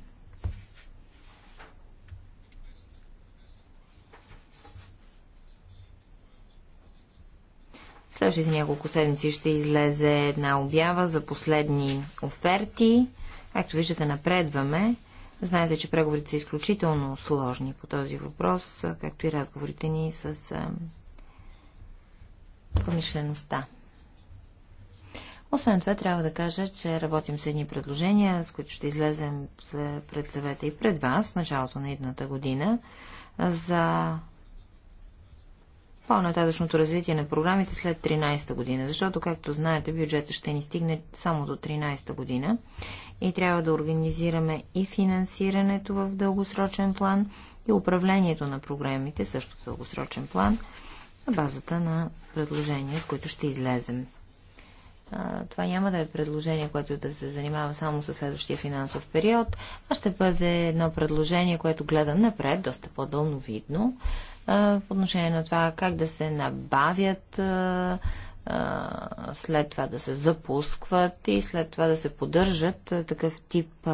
Следващите няколко седмици ще излезе една обява за последни оферти. Както виждате, напредваме. Знаете, че преговорите са изключително сложни по този въпрос, както и разговорите ни с промишлеността. Освен това, трябва да кажа, че работим с едни предложения, с които ще излезем пред съвета и пред вас в началото на едната година за по-нататъчното развитие на програмите след 13-та година, защото, както знаете, бюджета ще ни стигне само до 13-та година и трябва да организираме и финансирането в дългосрочен план и управлението на програмите също в дългосрочен план на базата на предложения, с които ще излезем това няма да е предложение, което да се занимава само с следващия финансов период, а ще бъде едно предложение, което гледа напред, доста по-дълновидно, по отношение на това как да се набавят след това да се запускват и след това да се поддържат такъв тип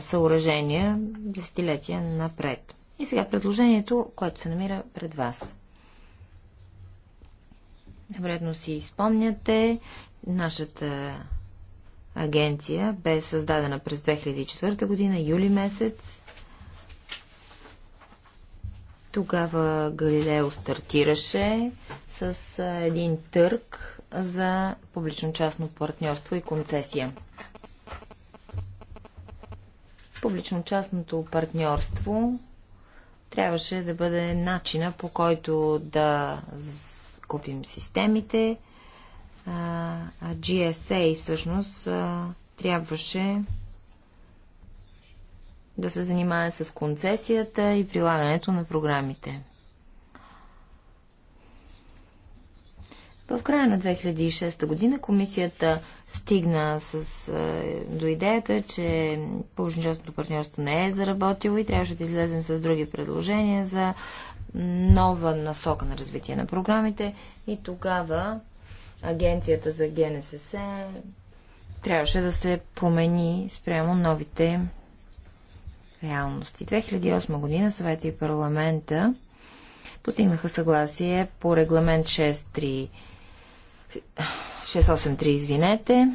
съоръжения десетилетия напред. И сега предложението, което се намира пред вас. Вредно си спомняте, Нашата агенция бе създадена през 2004 година, юли месец. Тогава Галилео стартираше с един търг за публично-частно партньорство и концесия. Публично-частното партньорство трябваше да бъде начина по който да купим системите, GSA всъщност трябваше да се занимае с концесията и прилагането на програмите. В края на 2006 година комисията стигна с, а, до идеята, че публично партньорство не е заработило и трябваше да излезем с други предложения за нова насока на развитие на програмите. И тогава агенцията за ГНСС трябваше да се промени спрямо новите реалности. 2008 година съвета и парламента постигнаха съгласие по регламент 63 683 извинете,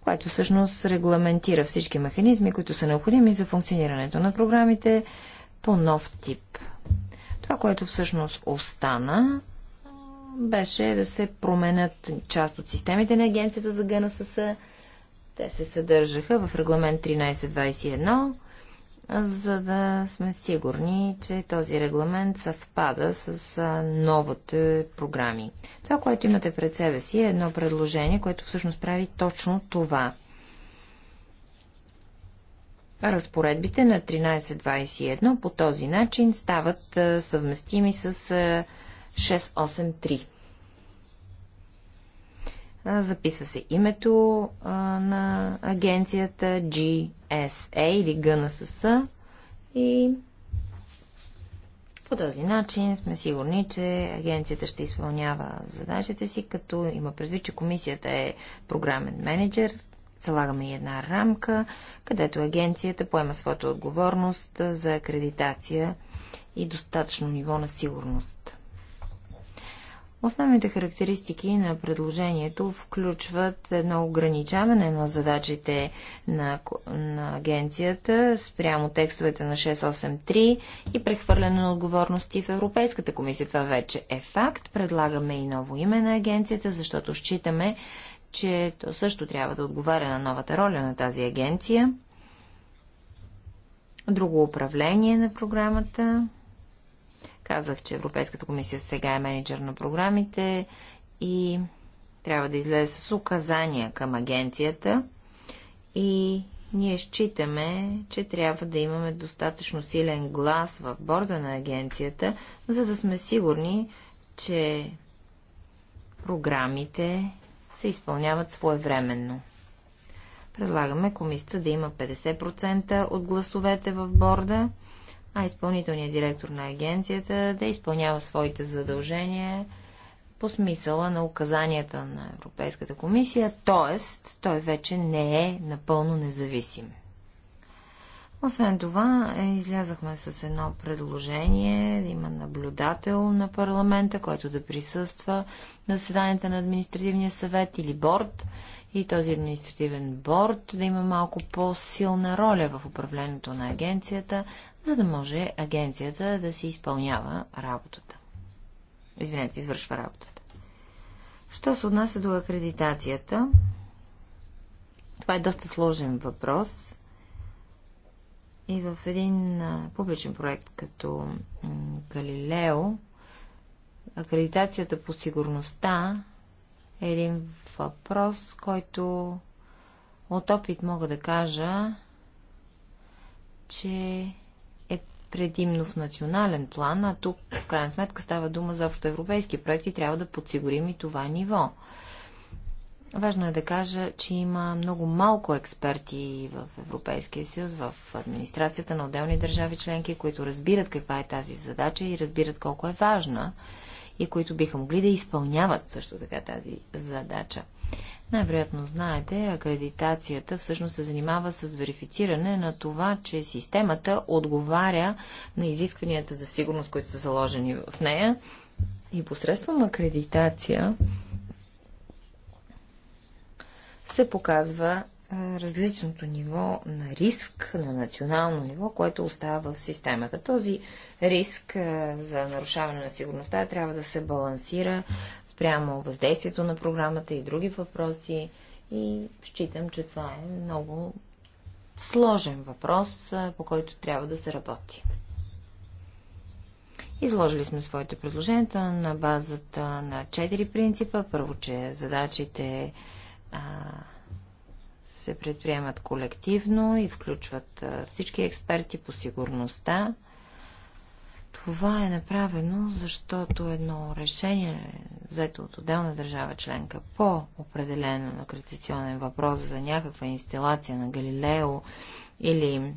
което всъщност регламентира всички механизми, които са необходими за функционирането на програмите по нов тип. Това, което всъщност остана, беше да се променят част от системите на Агенцията за ГНСС. Те се съдържаха в регламент 1321, за да сме сигурни, че този регламент съвпада с новите програми. Това, което имате пред себе си, е едно предложение, което всъщност прави точно това. Разпоредбите на 1321 по този начин стават съвместими с 683. Записва се името на агенцията GSA или ГНСС и по този начин сме сигурни, че агенцията ще изпълнява задачите си, като има предвид, че комисията е програмен менеджер, залагаме и една рамка, където агенцията поема своята отговорност за акредитация и достатъчно ниво на сигурност. Основните характеристики на предложението включват едно ограничаване на задачите на, на агенцията спрямо текстовете на 683 и прехвърляне на отговорности в Европейската комисия. Това вече е факт. Предлагаме и ново име на агенцията, защото считаме, че то също трябва да отговаря на новата роля на тази агенция. Друго управление на програмата Казах, че Европейската комисия сега е менеджер на програмите и трябва да излезе с указания към агенцията и ние считаме, че трябва да имаме достатъчно силен глас в борда на агенцията, за да сме сигурни, че програмите се изпълняват своевременно. Предлагаме комисията да има 50% от гласовете в борда а изпълнителният директор на агенцията да изпълнява своите задължения по смисъла на указанията на Европейската комисия, т.е. той вече не е напълно независим. Освен това, е, излязахме с едно предложение да има наблюдател на парламента, който да присъства на заседанията на административния съвет или борт, и този административен борд да има малко по-силна роля в управлението на агенцията, за да може агенцията да си изпълнява работата. Извинете, извършва работата. Що се отнася до акредитацията? Това е доста сложен въпрос. И в един публичен проект като Галилео, акредитацията по сигурността един въпрос, който от опит мога да кажа, че е предимно в национален план, а тук в крайна сметка става дума за общоевропейски проекти, трябва да подсигурим и това ниво. Важно е да кажа, че има много малко експерти в Европейския съюз, в администрацията на отделни държави членки, които разбират каква е тази задача и разбират колко е важна и които биха могли да изпълняват също така тази задача. Най-вероятно знаете, акредитацията всъщност се занимава с верифициране на това, че системата отговаря на изискванията за сигурност, които са заложени в нея. И посредством акредитация се показва различното ниво на риск на национално ниво, което остава в системата. Този риск за нарушаване на сигурността трябва да се балансира спрямо въздействието на програмата и други въпроси. И считам, че това е много сложен въпрос, по който трябва да се работи. Изложили сме своите предложения на базата на четири принципа. Първо, че задачите а, се предприемат колективно и включват всички експерти по сигурността. Това е направено, защото едно решение, взето от отделна държава членка по определено на критиционен въпрос за някаква инсталация на Галилео или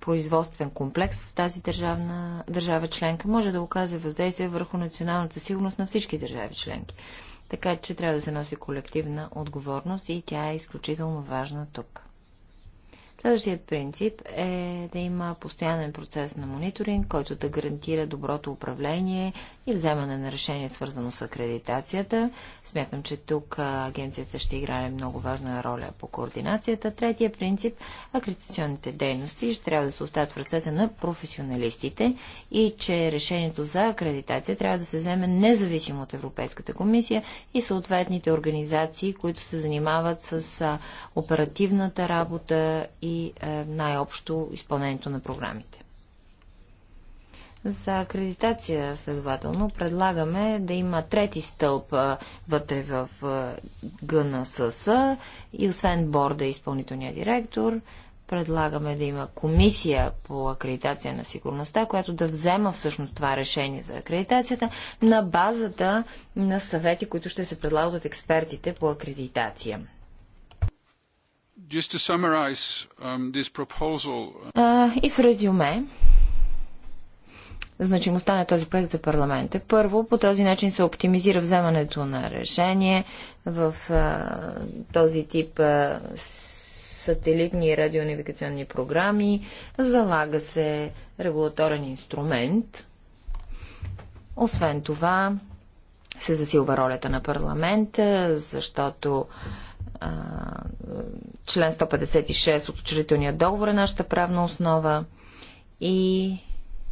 производствен комплекс в тази държавна, държава членка може да оказва въздействие върху националната сигурност на всички държави членки. Така че трябва да се носи колективна отговорност и тя е изключително важна тук. Следващият принцип е да има постоянен процес на мониторинг, който да гарантира доброто управление и вземане на решение, свързано с акредитацията. Смятам, че тук агенцията ще играе много важна роля по координацията. Третия принцип – акредитационните дейности ще трябва да се оставят в ръцете на професионалистите и че решението за акредитация трябва да се вземе независимо от Европейската комисия и съответните организации, които се занимават с оперативната работа и е, най-общо изпълнението на програмите. За акредитация, следователно, предлагаме да има трети стълб е, вътре в е, ГНСС и освен борда и изпълнителния директор, предлагаме да има комисия по акредитация на сигурността, която да взема всъщност това решение за акредитацията на базата на съвети, които ще се предлагат от експертите по акредитация. Just to summarize um, this proposal. Uh, и в резюме, значимостта на този проект за парламент е първо, по този начин се оптимизира вземането на решение в този тип сателитни и радионавигационни програми, залага се регулаторен инструмент. Освен това, се засилва ролята на парламента, защото член 156 от учредителния договор е нашата правна основа и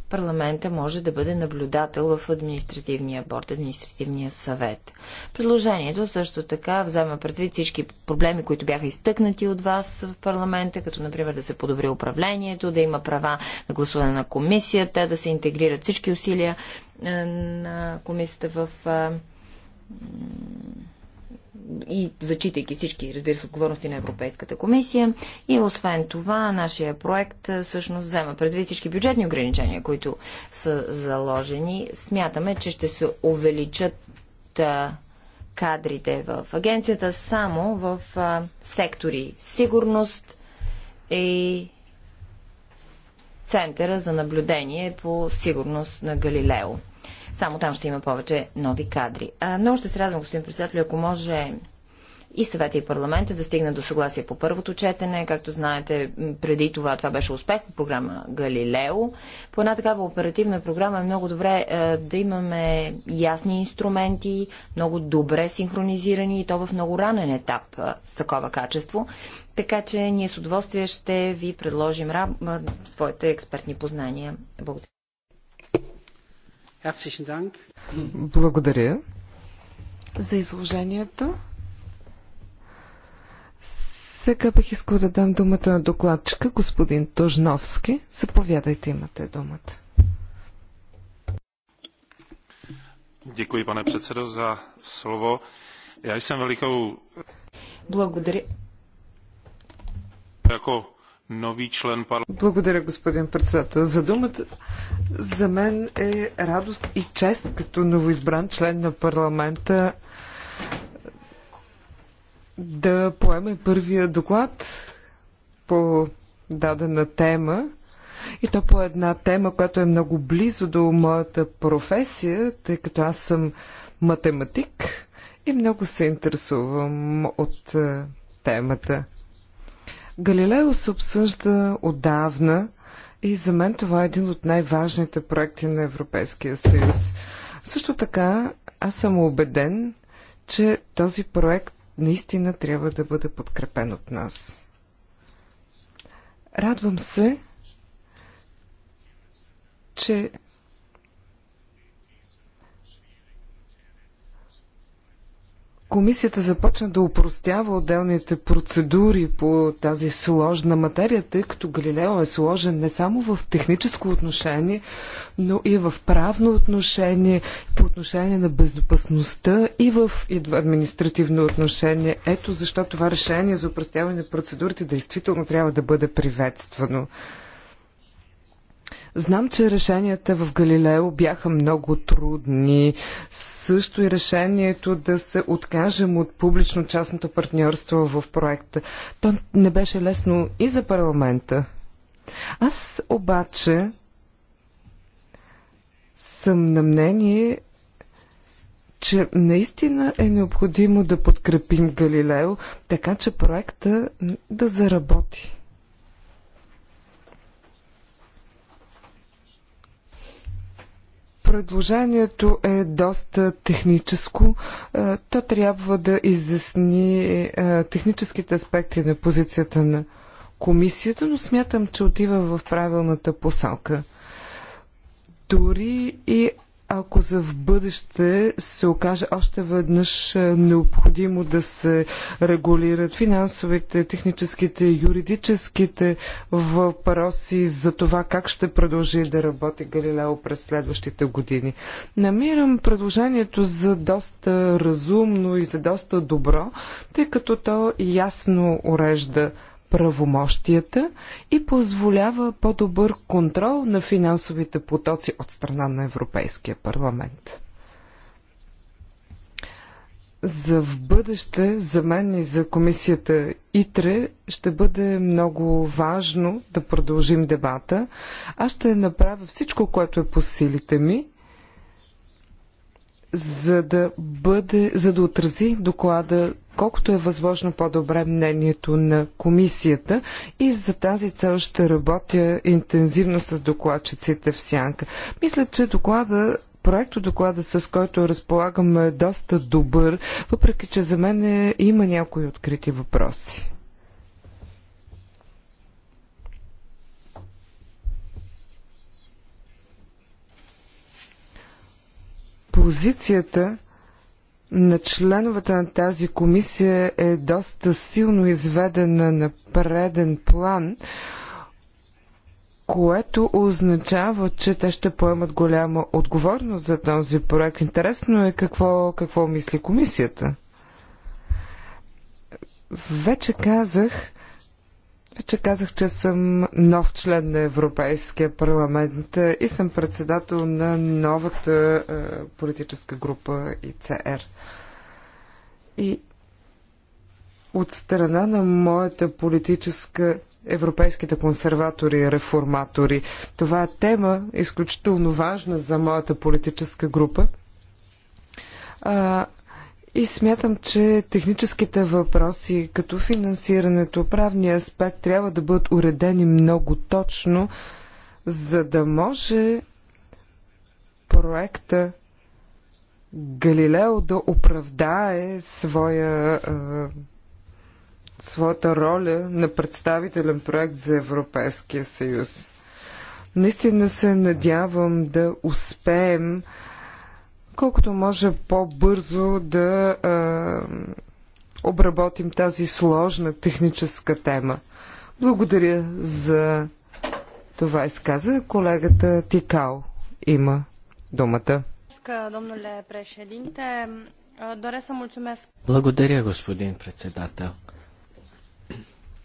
парламента може да бъде наблюдател в административния борт, административния съвет. Предложението също така взема предвид всички проблеми, които бяха изтъкнати от вас в парламента, като например да се подобри управлението, да има права на гласуване на комисията, да се интегрират всички усилия е, на комисията в е, и зачитайки всички, разбира се, отговорности на Европейската комисия. И освен това, нашия проект всъщност взема предвид всички бюджетни ограничения, които са заложени. Смятаме, че ще се увеличат кадрите в агенцията само в сектори сигурност и Центъра за наблюдение по сигурност на Галилео. Само там ще има повече нови кадри. А, много ще се радвам, господин председател, ако може и съвета и парламента да стигна до съгласие по първото четене. Както знаете, преди това това беше успех по програма Галилео. По една такава оперативна програма е много добре е, да имаме ясни инструменти, много добре синхронизирани и то в много ранен етап е, с такова качество. Така че ние с удоволствие ще ви предложим раб, е, своите експертни познания. Благодаря. Благодаря за изложението. Сега бих искал да дам думата на докладчика, господин Тожновски. Заповядайте, имате думата. Děkuji, pane předsedo, za slovo. Já jsem velikou... Благодаря. Jako нови член парламент. Благодаря, господин председател. За думата за мен е радост и чест като новоизбран член на парламента да поеме първия доклад по дадена тема. И то по една тема, която е много близо до моята професия, тъй като аз съм математик и много се интересувам от е, темата. Галилео се обсъжда отдавна и за мен това е един от най-важните проекти на Европейския съюз. Също така, аз съм убеден, че този проект наистина трябва да бъде подкрепен от нас. Радвам се, че Комисията започна да упростява отделните процедури по тази сложна материя, тъй като Галилео е сложен не само в техническо отношение, но и в правно отношение, по отношение на безопасността и в административно отношение. Ето защо това решение за упростяване на процедурите действително трябва да бъде приветствано. Знам, че решенията в Галилео бяха много трудни. Също и решението да се откажем от публично-частното партньорство в проекта. То не беше лесно и за парламента. Аз обаче съм на мнение, че наистина е необходимо да подкрепим Галилео, така че проекта да заработи. Предложението е доста техническо. Е, то трябва да изясни е, техническите аспекти на позицията на комисията, но смятам, че отива в правилната посока. Дори и ако за в бъдеще се окаже още веднъж е, необходимо да се регулират финансовите, техническите, юридическите въпроси за това как ще продължи да работи Галилео през следващите години. Намирам предложението за доста разумно и за доста добро, тъй като то ясно урежда правомощията и позволява по-добър контрол на финансовите потоци от страна на Европейския парламент. За в бъдеще, за мен и за комисията ИТРЕ, ще бъде много важно да продължим дебата. Аз ще направя всичко, което е по силите ми, за да бъде, за да отрази доклада колкото е възможно по-добре мнението на комисията и за тази цел ще работя интензивно с докладчиците в сянка. Мисля, че доклада проекто доклада, с който разполагам е доста добър, въпреки че за мен е, има някои открити въпроси. позицията на членовете на тази комисия е доста силно изведена на преден план, което означава, че те ще поемат голяма отговорност за този проект. Интересно е какво, какво мисли комисията. Вече казах, вече казах, че съм нов член на Европейския парламент и съм председател на новата е, политическа група ИЦР. И от страна на моята политическа европейските консерватори и реформатори. Това е тема изключително важна за моята политическа група. И смятам, че техническите въпроси, като финансирането, правния аспект, трябва да бъдат уредени много точно, за да може проекта Галилео да оправдае своя, е, своята роля на представителен проект за Европейския съюз. Наистина се надявам да успеем колкото може по-бързо да а, обработим тази сложна техническа тема. Благодаря за това изказа. Колегата Тикао има думата. Благодаря, господин председател.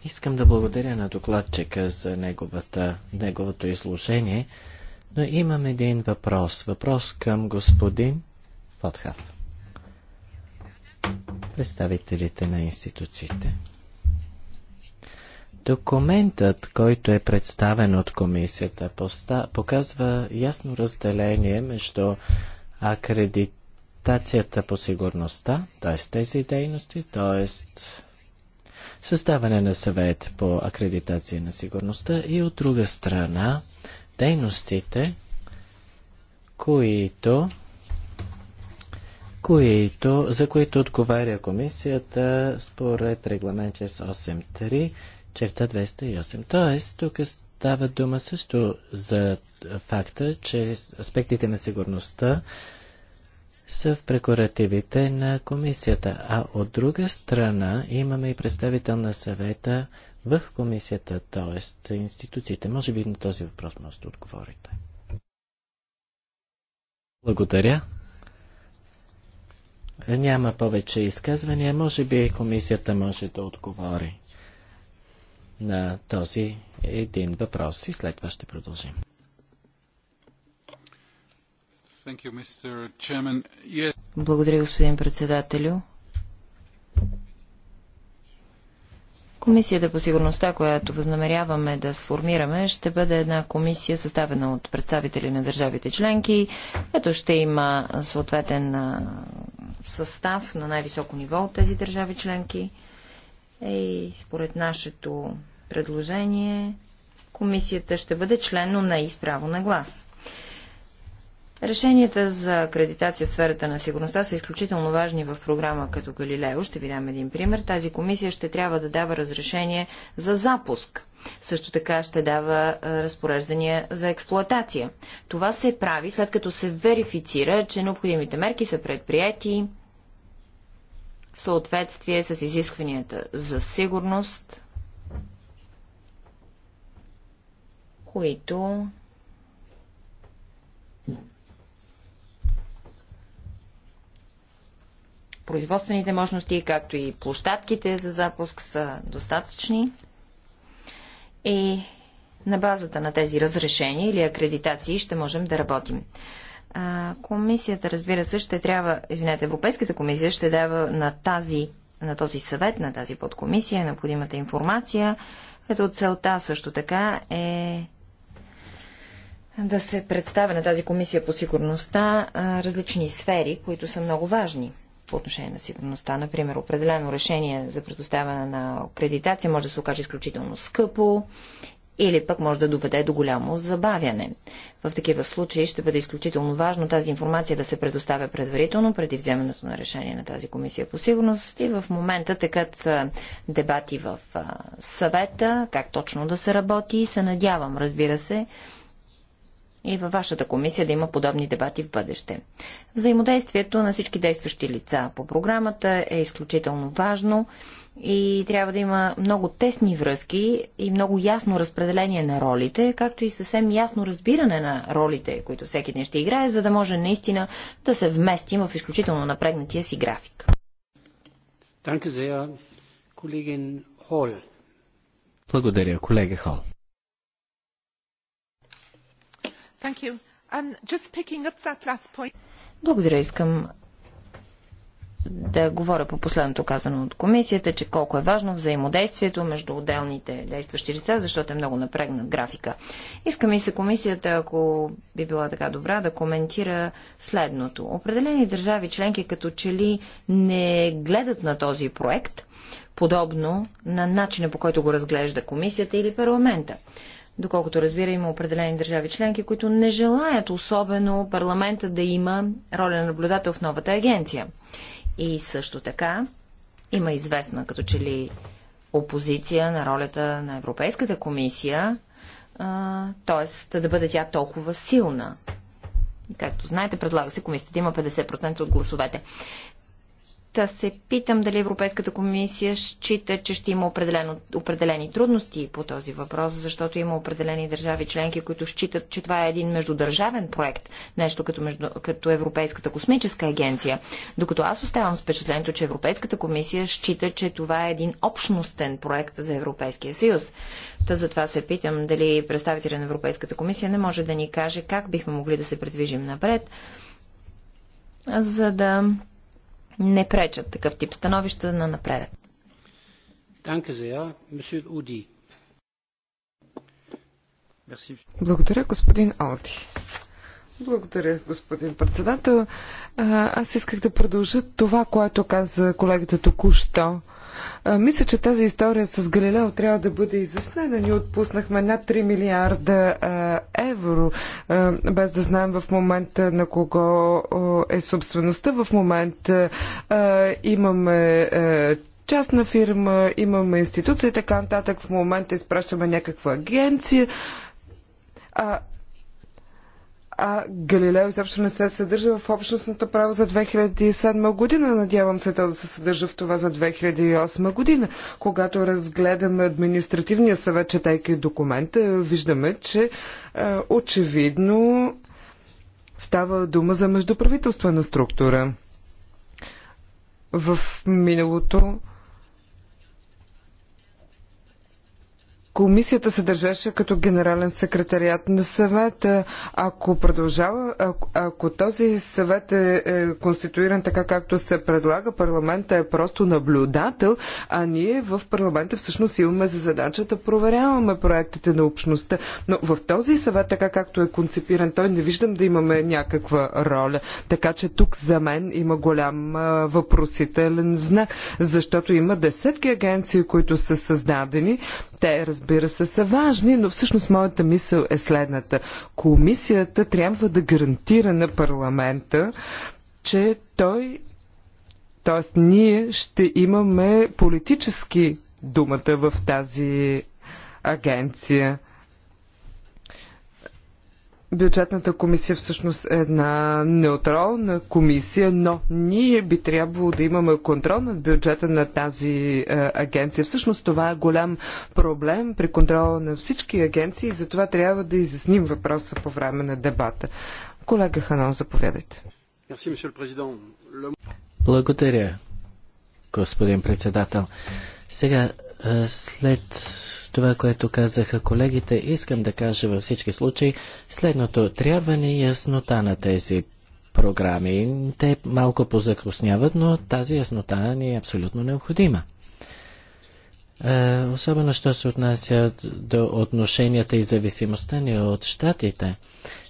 Искам да благодаря на докладчика за неговата, неговото изложение. Но имам един въпрос. Въпрос към господин Фотхав. Представителите на институциите. Документът, който е представен от комисията, показва ясно разделение между акредитацията по сигурността, т.е. тези дейности, т.е. съставане на съвет по акредитация на сигурността и от друга страна дейностите, които, които, за които отговаря комисията според регламент 683 черта 208. Тоест, тук става дума също за факта, че аспектите на сигурността са в прекоративите на комисията, а от друга страна имаме и представител на съвета в комисията, т.е. институциите. Може би на този въпрос може да отговорите. Благодаря. Няма повече изказвания. Може би комисията може да отговори на този един въпрос и след това ще продължим. Благодаря, господин председателю. Комисията по сигурността, която възнамеряваме да сформираме, ще бъде една комисия, съставена от представители на държавите членки, като ще има съответен състав на най-високо ниво от тези държави членки. Е, и според нашето предложение, комисията ще бъде член, но не изправо на глас. Решенията за акредитация в сферата на сигурността са изключително важни в програма като Галилео. Ще ви дам един пример. Тази комисия ще трябва да дава разрешение за запуск. Също така ще дава разпореждания за експлоатация. Това се прави след като се верифицира, че необходимите мерки са предприяти в съответствие с изискванията за сигурност, които производствените мощности, както и площадките за запуск са достатъчни. И на базата на тези разрешения или акредитации ще можем да работим. А, комисията, разбира се, ще трябва, извинете, Европейската комисия ще дава на тази на този съвет, на тази подкомисия, необходимата информация, ето целта също така е да се представя на тази комисия по сигурността различни сфери, които са много важни по отношение на сигурността. Например, определено решение за предоставяне на акредитация може да се окаже изключително скъпо или пък може да доведе до голямо забавяне. В такива случаи ще бъде изключително важно тази информация да се предоставя предварително, преди вземането на решение на тази комисия по сигурност. И в момента текат дебати в съвета, как точно да се работи и се надявам, разбира се, и във вашата комисия да има подобни дебати в бъдеще. Взаимодействието на всички действащи лица по програмата е изключително важно и трябва да има много тесни връзки и много ясно разпределение на ролите, както и съвсем ясно разбиране на ролите, които всеки ден ще играе, за да може наистина да се вместим в изключително напрегнатия си график. Благодаря, колега Хол. Благодаря. Искам да говоря по последното казано от комисията, че колко е важно взаимодействието между отделните действащи лица, защото е много напрегнат графика. Искам и се комисията, ако би била така добра, да коментира следното. Определени държави членки като че ли не гледат на този проект, подобно на начина по който го разглежда комисията или парламента. Доколкото разбира, има определени държави членки, които не желаят особено парламента да има роля на наблюдател в новата агенция. И също така има известна като че ли опозиция на ролята на Европейската комисия, т.е. да бъде тя толкова силна. Както знаете, предлага се комисията да има 50% от гласовете. Та се питам дали Европейската комисия счита, че ще има определено, определени трудности по този въпрос, защото има определени държави членки, които считат, че това е един междудържавен проект, нещо като, между, като Европейската космическа агенция. Докато аз оставам с впечатлението, че Европейската комисия счита, че това е един общностен проект за Европейския съюз. Та затова се питам дали представителя на Европейската комисия не може да ни каже как бихме могли да се предвижим напред, за да не пречат такъв тип становища на напредък. Благодаря, господин Олди. Благодаря, господин председател. Аз исках да продължа това, което каза колегата току-що. Мисля, че тази история с Галилео трябва да бъде изяснена. Ние отпуснахме над 3 милиарда евро, без да знаем в момента на кого е собствеността. В момента имаме частна фирма, имаме институция и така нататък. В момента изпращаме някаква агенция. А, а Галилео изобщо не се съдържа в общностното право за 2007 година. Надявам се то да се съдържа в това за 2008 година. Когато разгледаме административния съвет, четейки документа, виждаме, че а, е, очевидно става дума за междуправителствена структура. В миналото Комисията се държеше като генерален секретариат на съвета. Ако продължава, ако, ако този съвет е, е конституиран така както се предлага, парламента е просто наблюдател, а ние в парламента всъщност имаме за задача да проверяваме проектите на общността. Но в този съвет, така както е концепиран, той не виждам да имаме някаква роля. Така че тук за мен има голям а, въпросителен знак, защото има десетки агенции, които са създадени. Те, разбира разбира се, са важни, но всъщност моята мисъл е следната. Комисията трябва да гарантира на парламента, че той, т.е. ние ще имаме политически думата в тази агенция. Бюджетната комисия всъщност е една неутрална комисия, но ние би трябвало да имаме контрол над бюджета на тази е, агенция. Всъщност това е голям проблем при контрола на всички агенции и затова трябва да изясним въпроса по време на дебата. Колега Ханон, заповядайте. Благодаря, господин председател. Сега, е, след това, което казаха колегите, искам да кажа във всички случаи следното. Трябва ни яснота на тези програми. Те малко позакрусняват, но тази яснота ни е абсолютно необходима. Е, особено, що се отнася до отношенията и зависимостта ни от щатите.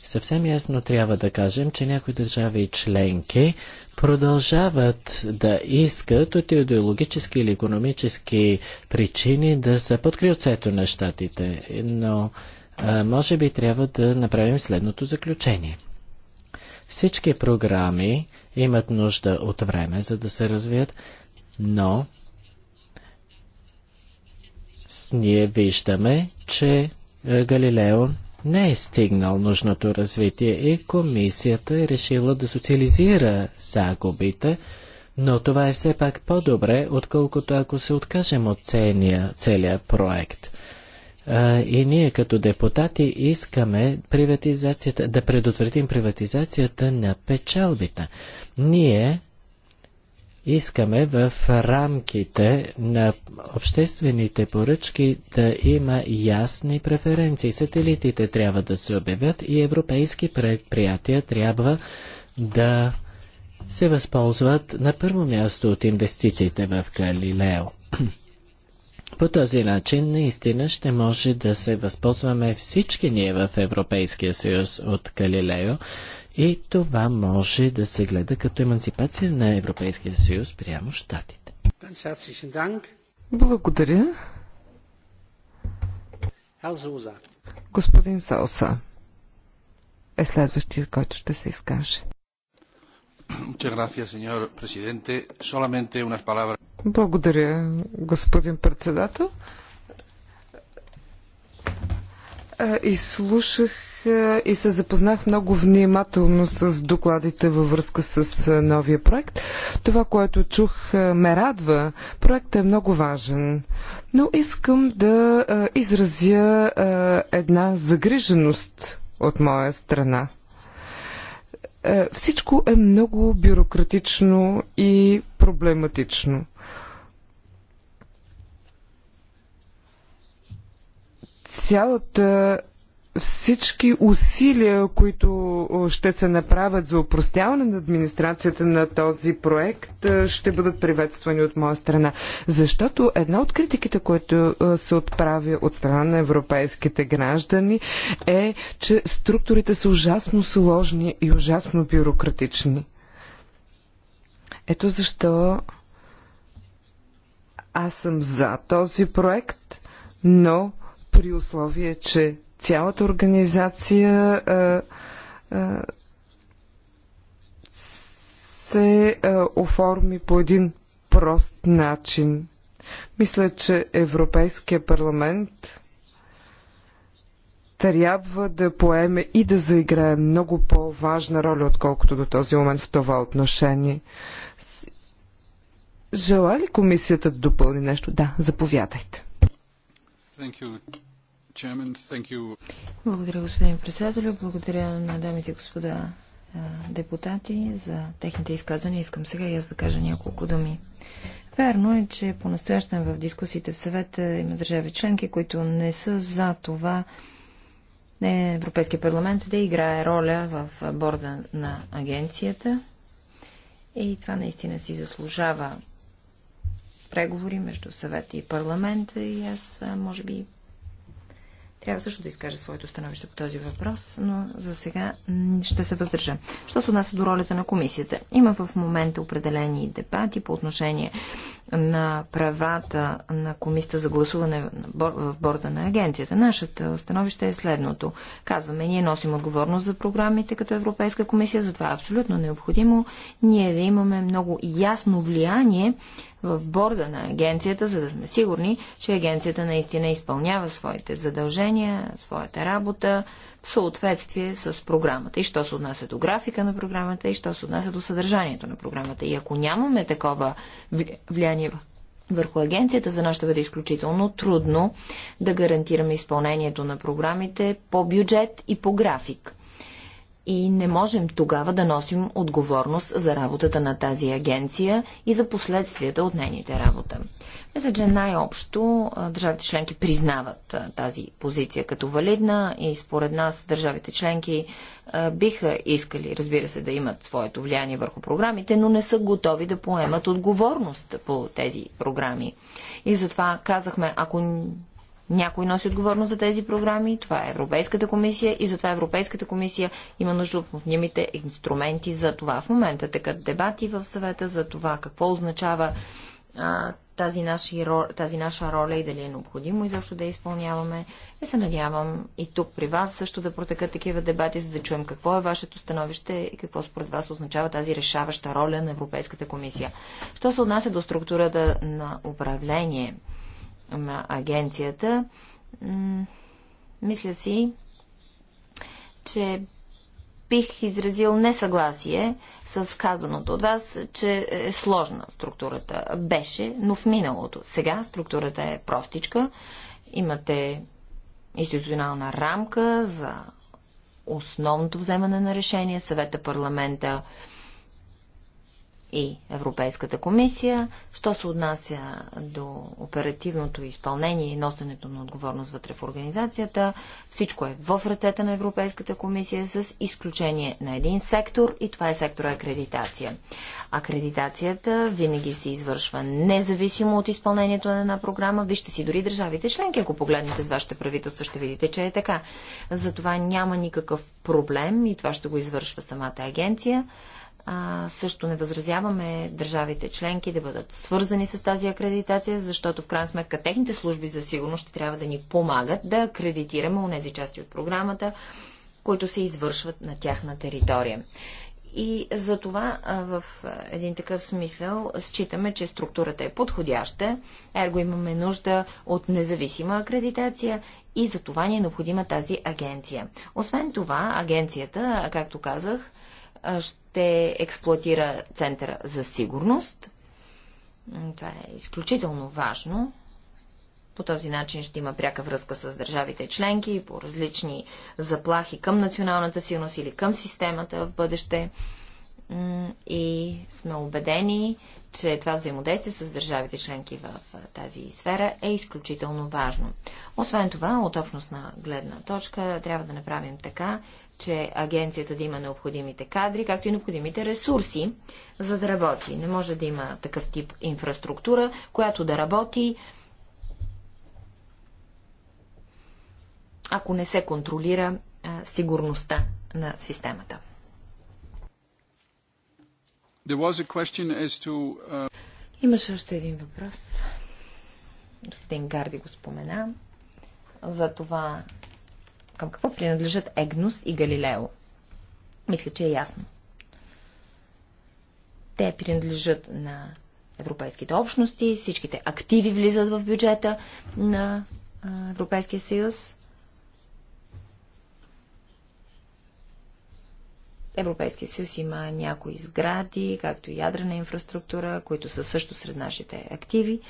Съвсем ясно трябва да кажем, че някои държави и членки продължават да искат от идеологически или економически причини да са подкри крилцето на щатите. Но а, може би трябва да направим следното заключение. Всички програми имат нужда от време, за да се развият, но ние виждаме, че Галилео не е стигнал нужното развитие и комисията е решила да социализира загубите, но това е все пак по-добре, отколкото ако се откажем от целия, целия проект. А, и ние като депутати искаме приватизацията, да предотвратим приватизацията на печалбите. Ние искаме в рамките на обществените поръчки да има ясни преференции. Сателитите трябва да се обявят и европейски предприятия трябва да се възползват на първо място от инвестициите в Галилео. По този начин наистина ще може да се възползваме всички ние в Европейския съюз от Галилео, и това може да се гледа като емансипация на Европейския съюз прямо щатите. Благодаря. Господин Соуса е следващия, който ще се изкаже. Благодаря, господин председател. Е, изслушах е, и се запознах много внимателно с докладите във връзка с е, новия проект. Това, което чух, ме радва. Проектът е много важен. Но искам да изразя една загриженост от моя страна. Всичко е много бюрократично и проблематично. цялата е, всички усилия, които е, ще се направят за упростяване на администрацията на този проект, е, ще бъдат приветствани от моя страна. Защото една от критиките, които се отправя от страна на европейските граждани, е, че структурите са ужасно сложни и ужасно бюрократични. Ето защо аз съм за този проект, но при условие, че цялата организация а, а, се а, оформи по един прост начин. Мисля, че Европейския парламент трябва да поеме и да заиграе много по-важна роля, отколкото до този момент в това отношение. Желали ли комисията да допълни нещо? Да, заповядайте. Благодаря, господин председател. Благодаря на дамите и господа депутати за техните изказвания. Искам сега и аз да кажа няколко думи. Верно е, че по-настоящен в дискусиите в съвета има държави членки, които не са за това не Европейския парламент да играе роля в борда на агенцията. И това наистина си заслужава преговори между съвета и парламента и аз, може би, трябва също да изкажа своето становище по този въпрос, но за сега ще се въздържа. Що се отнася до ролята на комисията? Има в момента определени дебати по отношение на правата на комиста за гласуване в борда на агенцията. Нашата становище е следното. Казваме, ние носим отговорност за програмите като Европейска комисия, затова е абсолютно необходимо ние да имаме много ясно влияние в борда на агенцията, за да сме сигурни, че агенцията наистина изпълнява своите задължения, своята работа, в съответствие с програмата. И що се отнася до графика на програмата, и що се отнася до съдържанието на програмата. И ако нямаме такова влияние върху агенцията, за нас ще бъде изключително трудно да гарантираме изпълнението на програмите по бюджет и по график и не можем тогава да носим отговорност за работата на тази агенция и за последствията от нейните работа. Мисля, че най-общо държавите членки признават тази позиция като валидна и според нас държавите членки биха искали, разбира се, да имат своето влияние върху програмите, но не са готови да поемат отговорност по тези програми. И затова казахме, ако някой носи отговорност за тези програми, това е Европейската комисия и затова Европейската комисия има нужда от необходимите инструменти за това. В момента текат дебати в съвета за това какво означава а, тази, наши, тази наша роля и дали е необходимо изобщо да я изпълняваме. И се надявам и тук при вас също да протекат такива дебати, за да чуем какво е вашето становище и какво според вас означава тази решаваща роля на Европейската комисия. Що се отнася до структурата на управление? на агенцията. Мисля си, че бих изразил несъгласие с казаното от вас, че е сложна структурата. Беше, но в миналото. Сега структурата е простичка. Имате институционална рамка за основното вземане на решение, съвета парламента и Европейската комисия. Що се отнася до оперативното изпълнение и носенето на отговорност вътре в организацията, всичко е в ръцете на Европейската комисия с изключение на един сектор и това е сектора акредитация. Акредитацията винаги се извършва независимо от изпълнението на една програма. Вижте си дори държавите членки, ако погледнете с вашите правителства, ще видите, че е така. Затова няма никакъв проблем и това ще го извършва самата агенция а, също не възразяваме държавите членки да бъдат свързани с тази акредитация, защото в крайна сметка техните служби за сигурност ще трябва да ни помагат да акредитираме у нези части от програмата, които се извършват на тяхна територия. И за това в един такъв смисъл считаме, че структурата е подходяща, ерго имаме нужда от независима акредитация и за това ни е необходима тази агенция. Освен това, агенцията, както казах, ще експлуатира Центъра за сигурност. Това е изключително важно. По този начин ще има пряка връзка с държавите членки по различни заплахи към националната сигурност или към системата в бъдеще. И сме убедени, че това взаимодействие с държавите членки в тази сфера е изключително важно. Освен това, от общностна гледна точка, трябва да направим така, че агенцията да има необходимите кадри, както и необходимите ресурси, за да работи. Не може да има такъв тип инфраструктура, която да работи, ако не се контролира а, сигурността на системата. Uh, Имаше още един въпрос. Господин Гарди го спомена за това към какво принадлежат Егнус и Галилео? Мисля, че е ясно. Те принадлежат на европейските общности, всичките активи влизат в бюджета на Европейския съюз. Европейския съюз има някои сгради, както и ядрена инфраструктура, които са също сред нашите активи.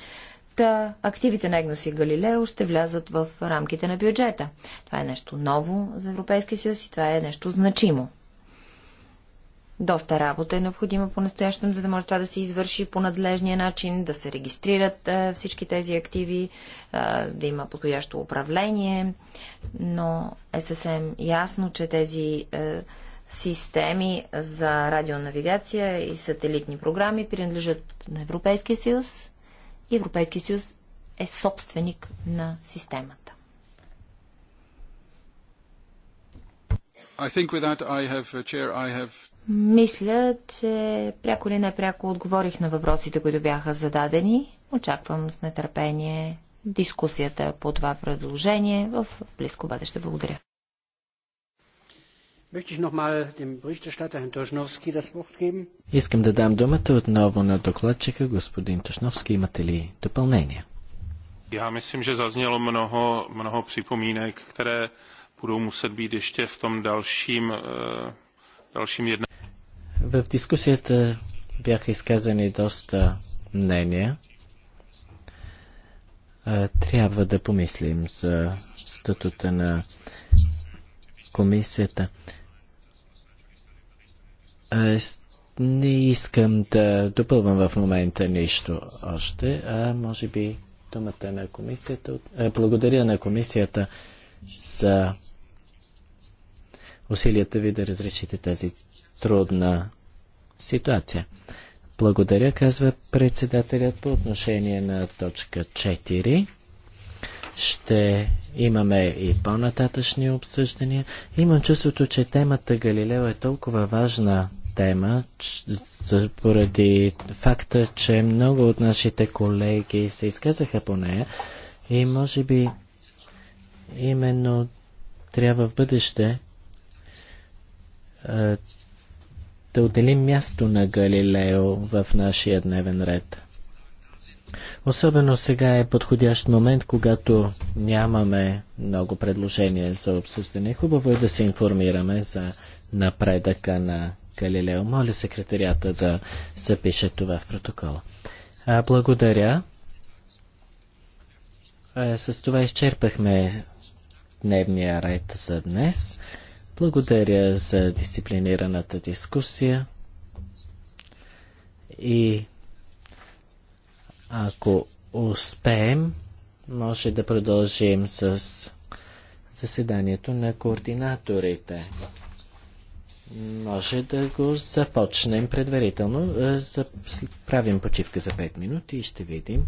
Та активите на Егнос и Галилео ще влязат в рамките на бюджета. Това е нещо ново за Европейския съюз и това е нещо значимо. Доста работа е необходима по-настоящем, за да може това да се извърши по надлежния начин, да се регистрират е, всички тези активи, е, да има подходящо управление, но е съвсем ясно, че тези е, системи за радионавигация и сателитни програми принадлежат на Европейския съюз и Европейския съюз е собственик на системата. Have, uh, chair, have... Мисля, че пряко или непряко отговорих на въпросите, които бяха зададени. Очаквам с нетърпение дискусията по това предложение в близко бъдеще. Благодаря. Искам да дам думата отново на докладчика, господин Тошновски. Имате ли допълнение? Я мислим, че zaznělo много, много připomínek, které budou muset být ještě в том dalším, eh, dalším jednání. В дискусията бяха изказани доста мнения. Трябва да помислим за статута на комисията. Не искам да допълвам в момента нищо още, а може би думата на комисията. Благодаря на комисията за усилията ви да разрешите тази трудна ситуация. Благодаря, казва председателят по отношение на точка 4. Ще имаме и по-нататъчни обсъждания. Имам чувството, че темата Галилео е толкова важна тема, поради факта, че много от нашите колеги се изказаха по нея и може би именно трябва в бъдеще да отделим място на Галилео в нашия дневен ред. Особено сега е подходящ момент, когато нямаме много предложения за обсъждане. Хубаво е да се информираме за напредъка на Галилео. Моля секретарията да запише това в протокола. А, благодаря. А, с това изчерпахме дневния ред за днес. Благодаря за дисциплинираната дискусия. И ако успеем, може да продължим с заседанието на координаторите може да го започнем предварително. Е, правим почивка за 5 минути и ще видим.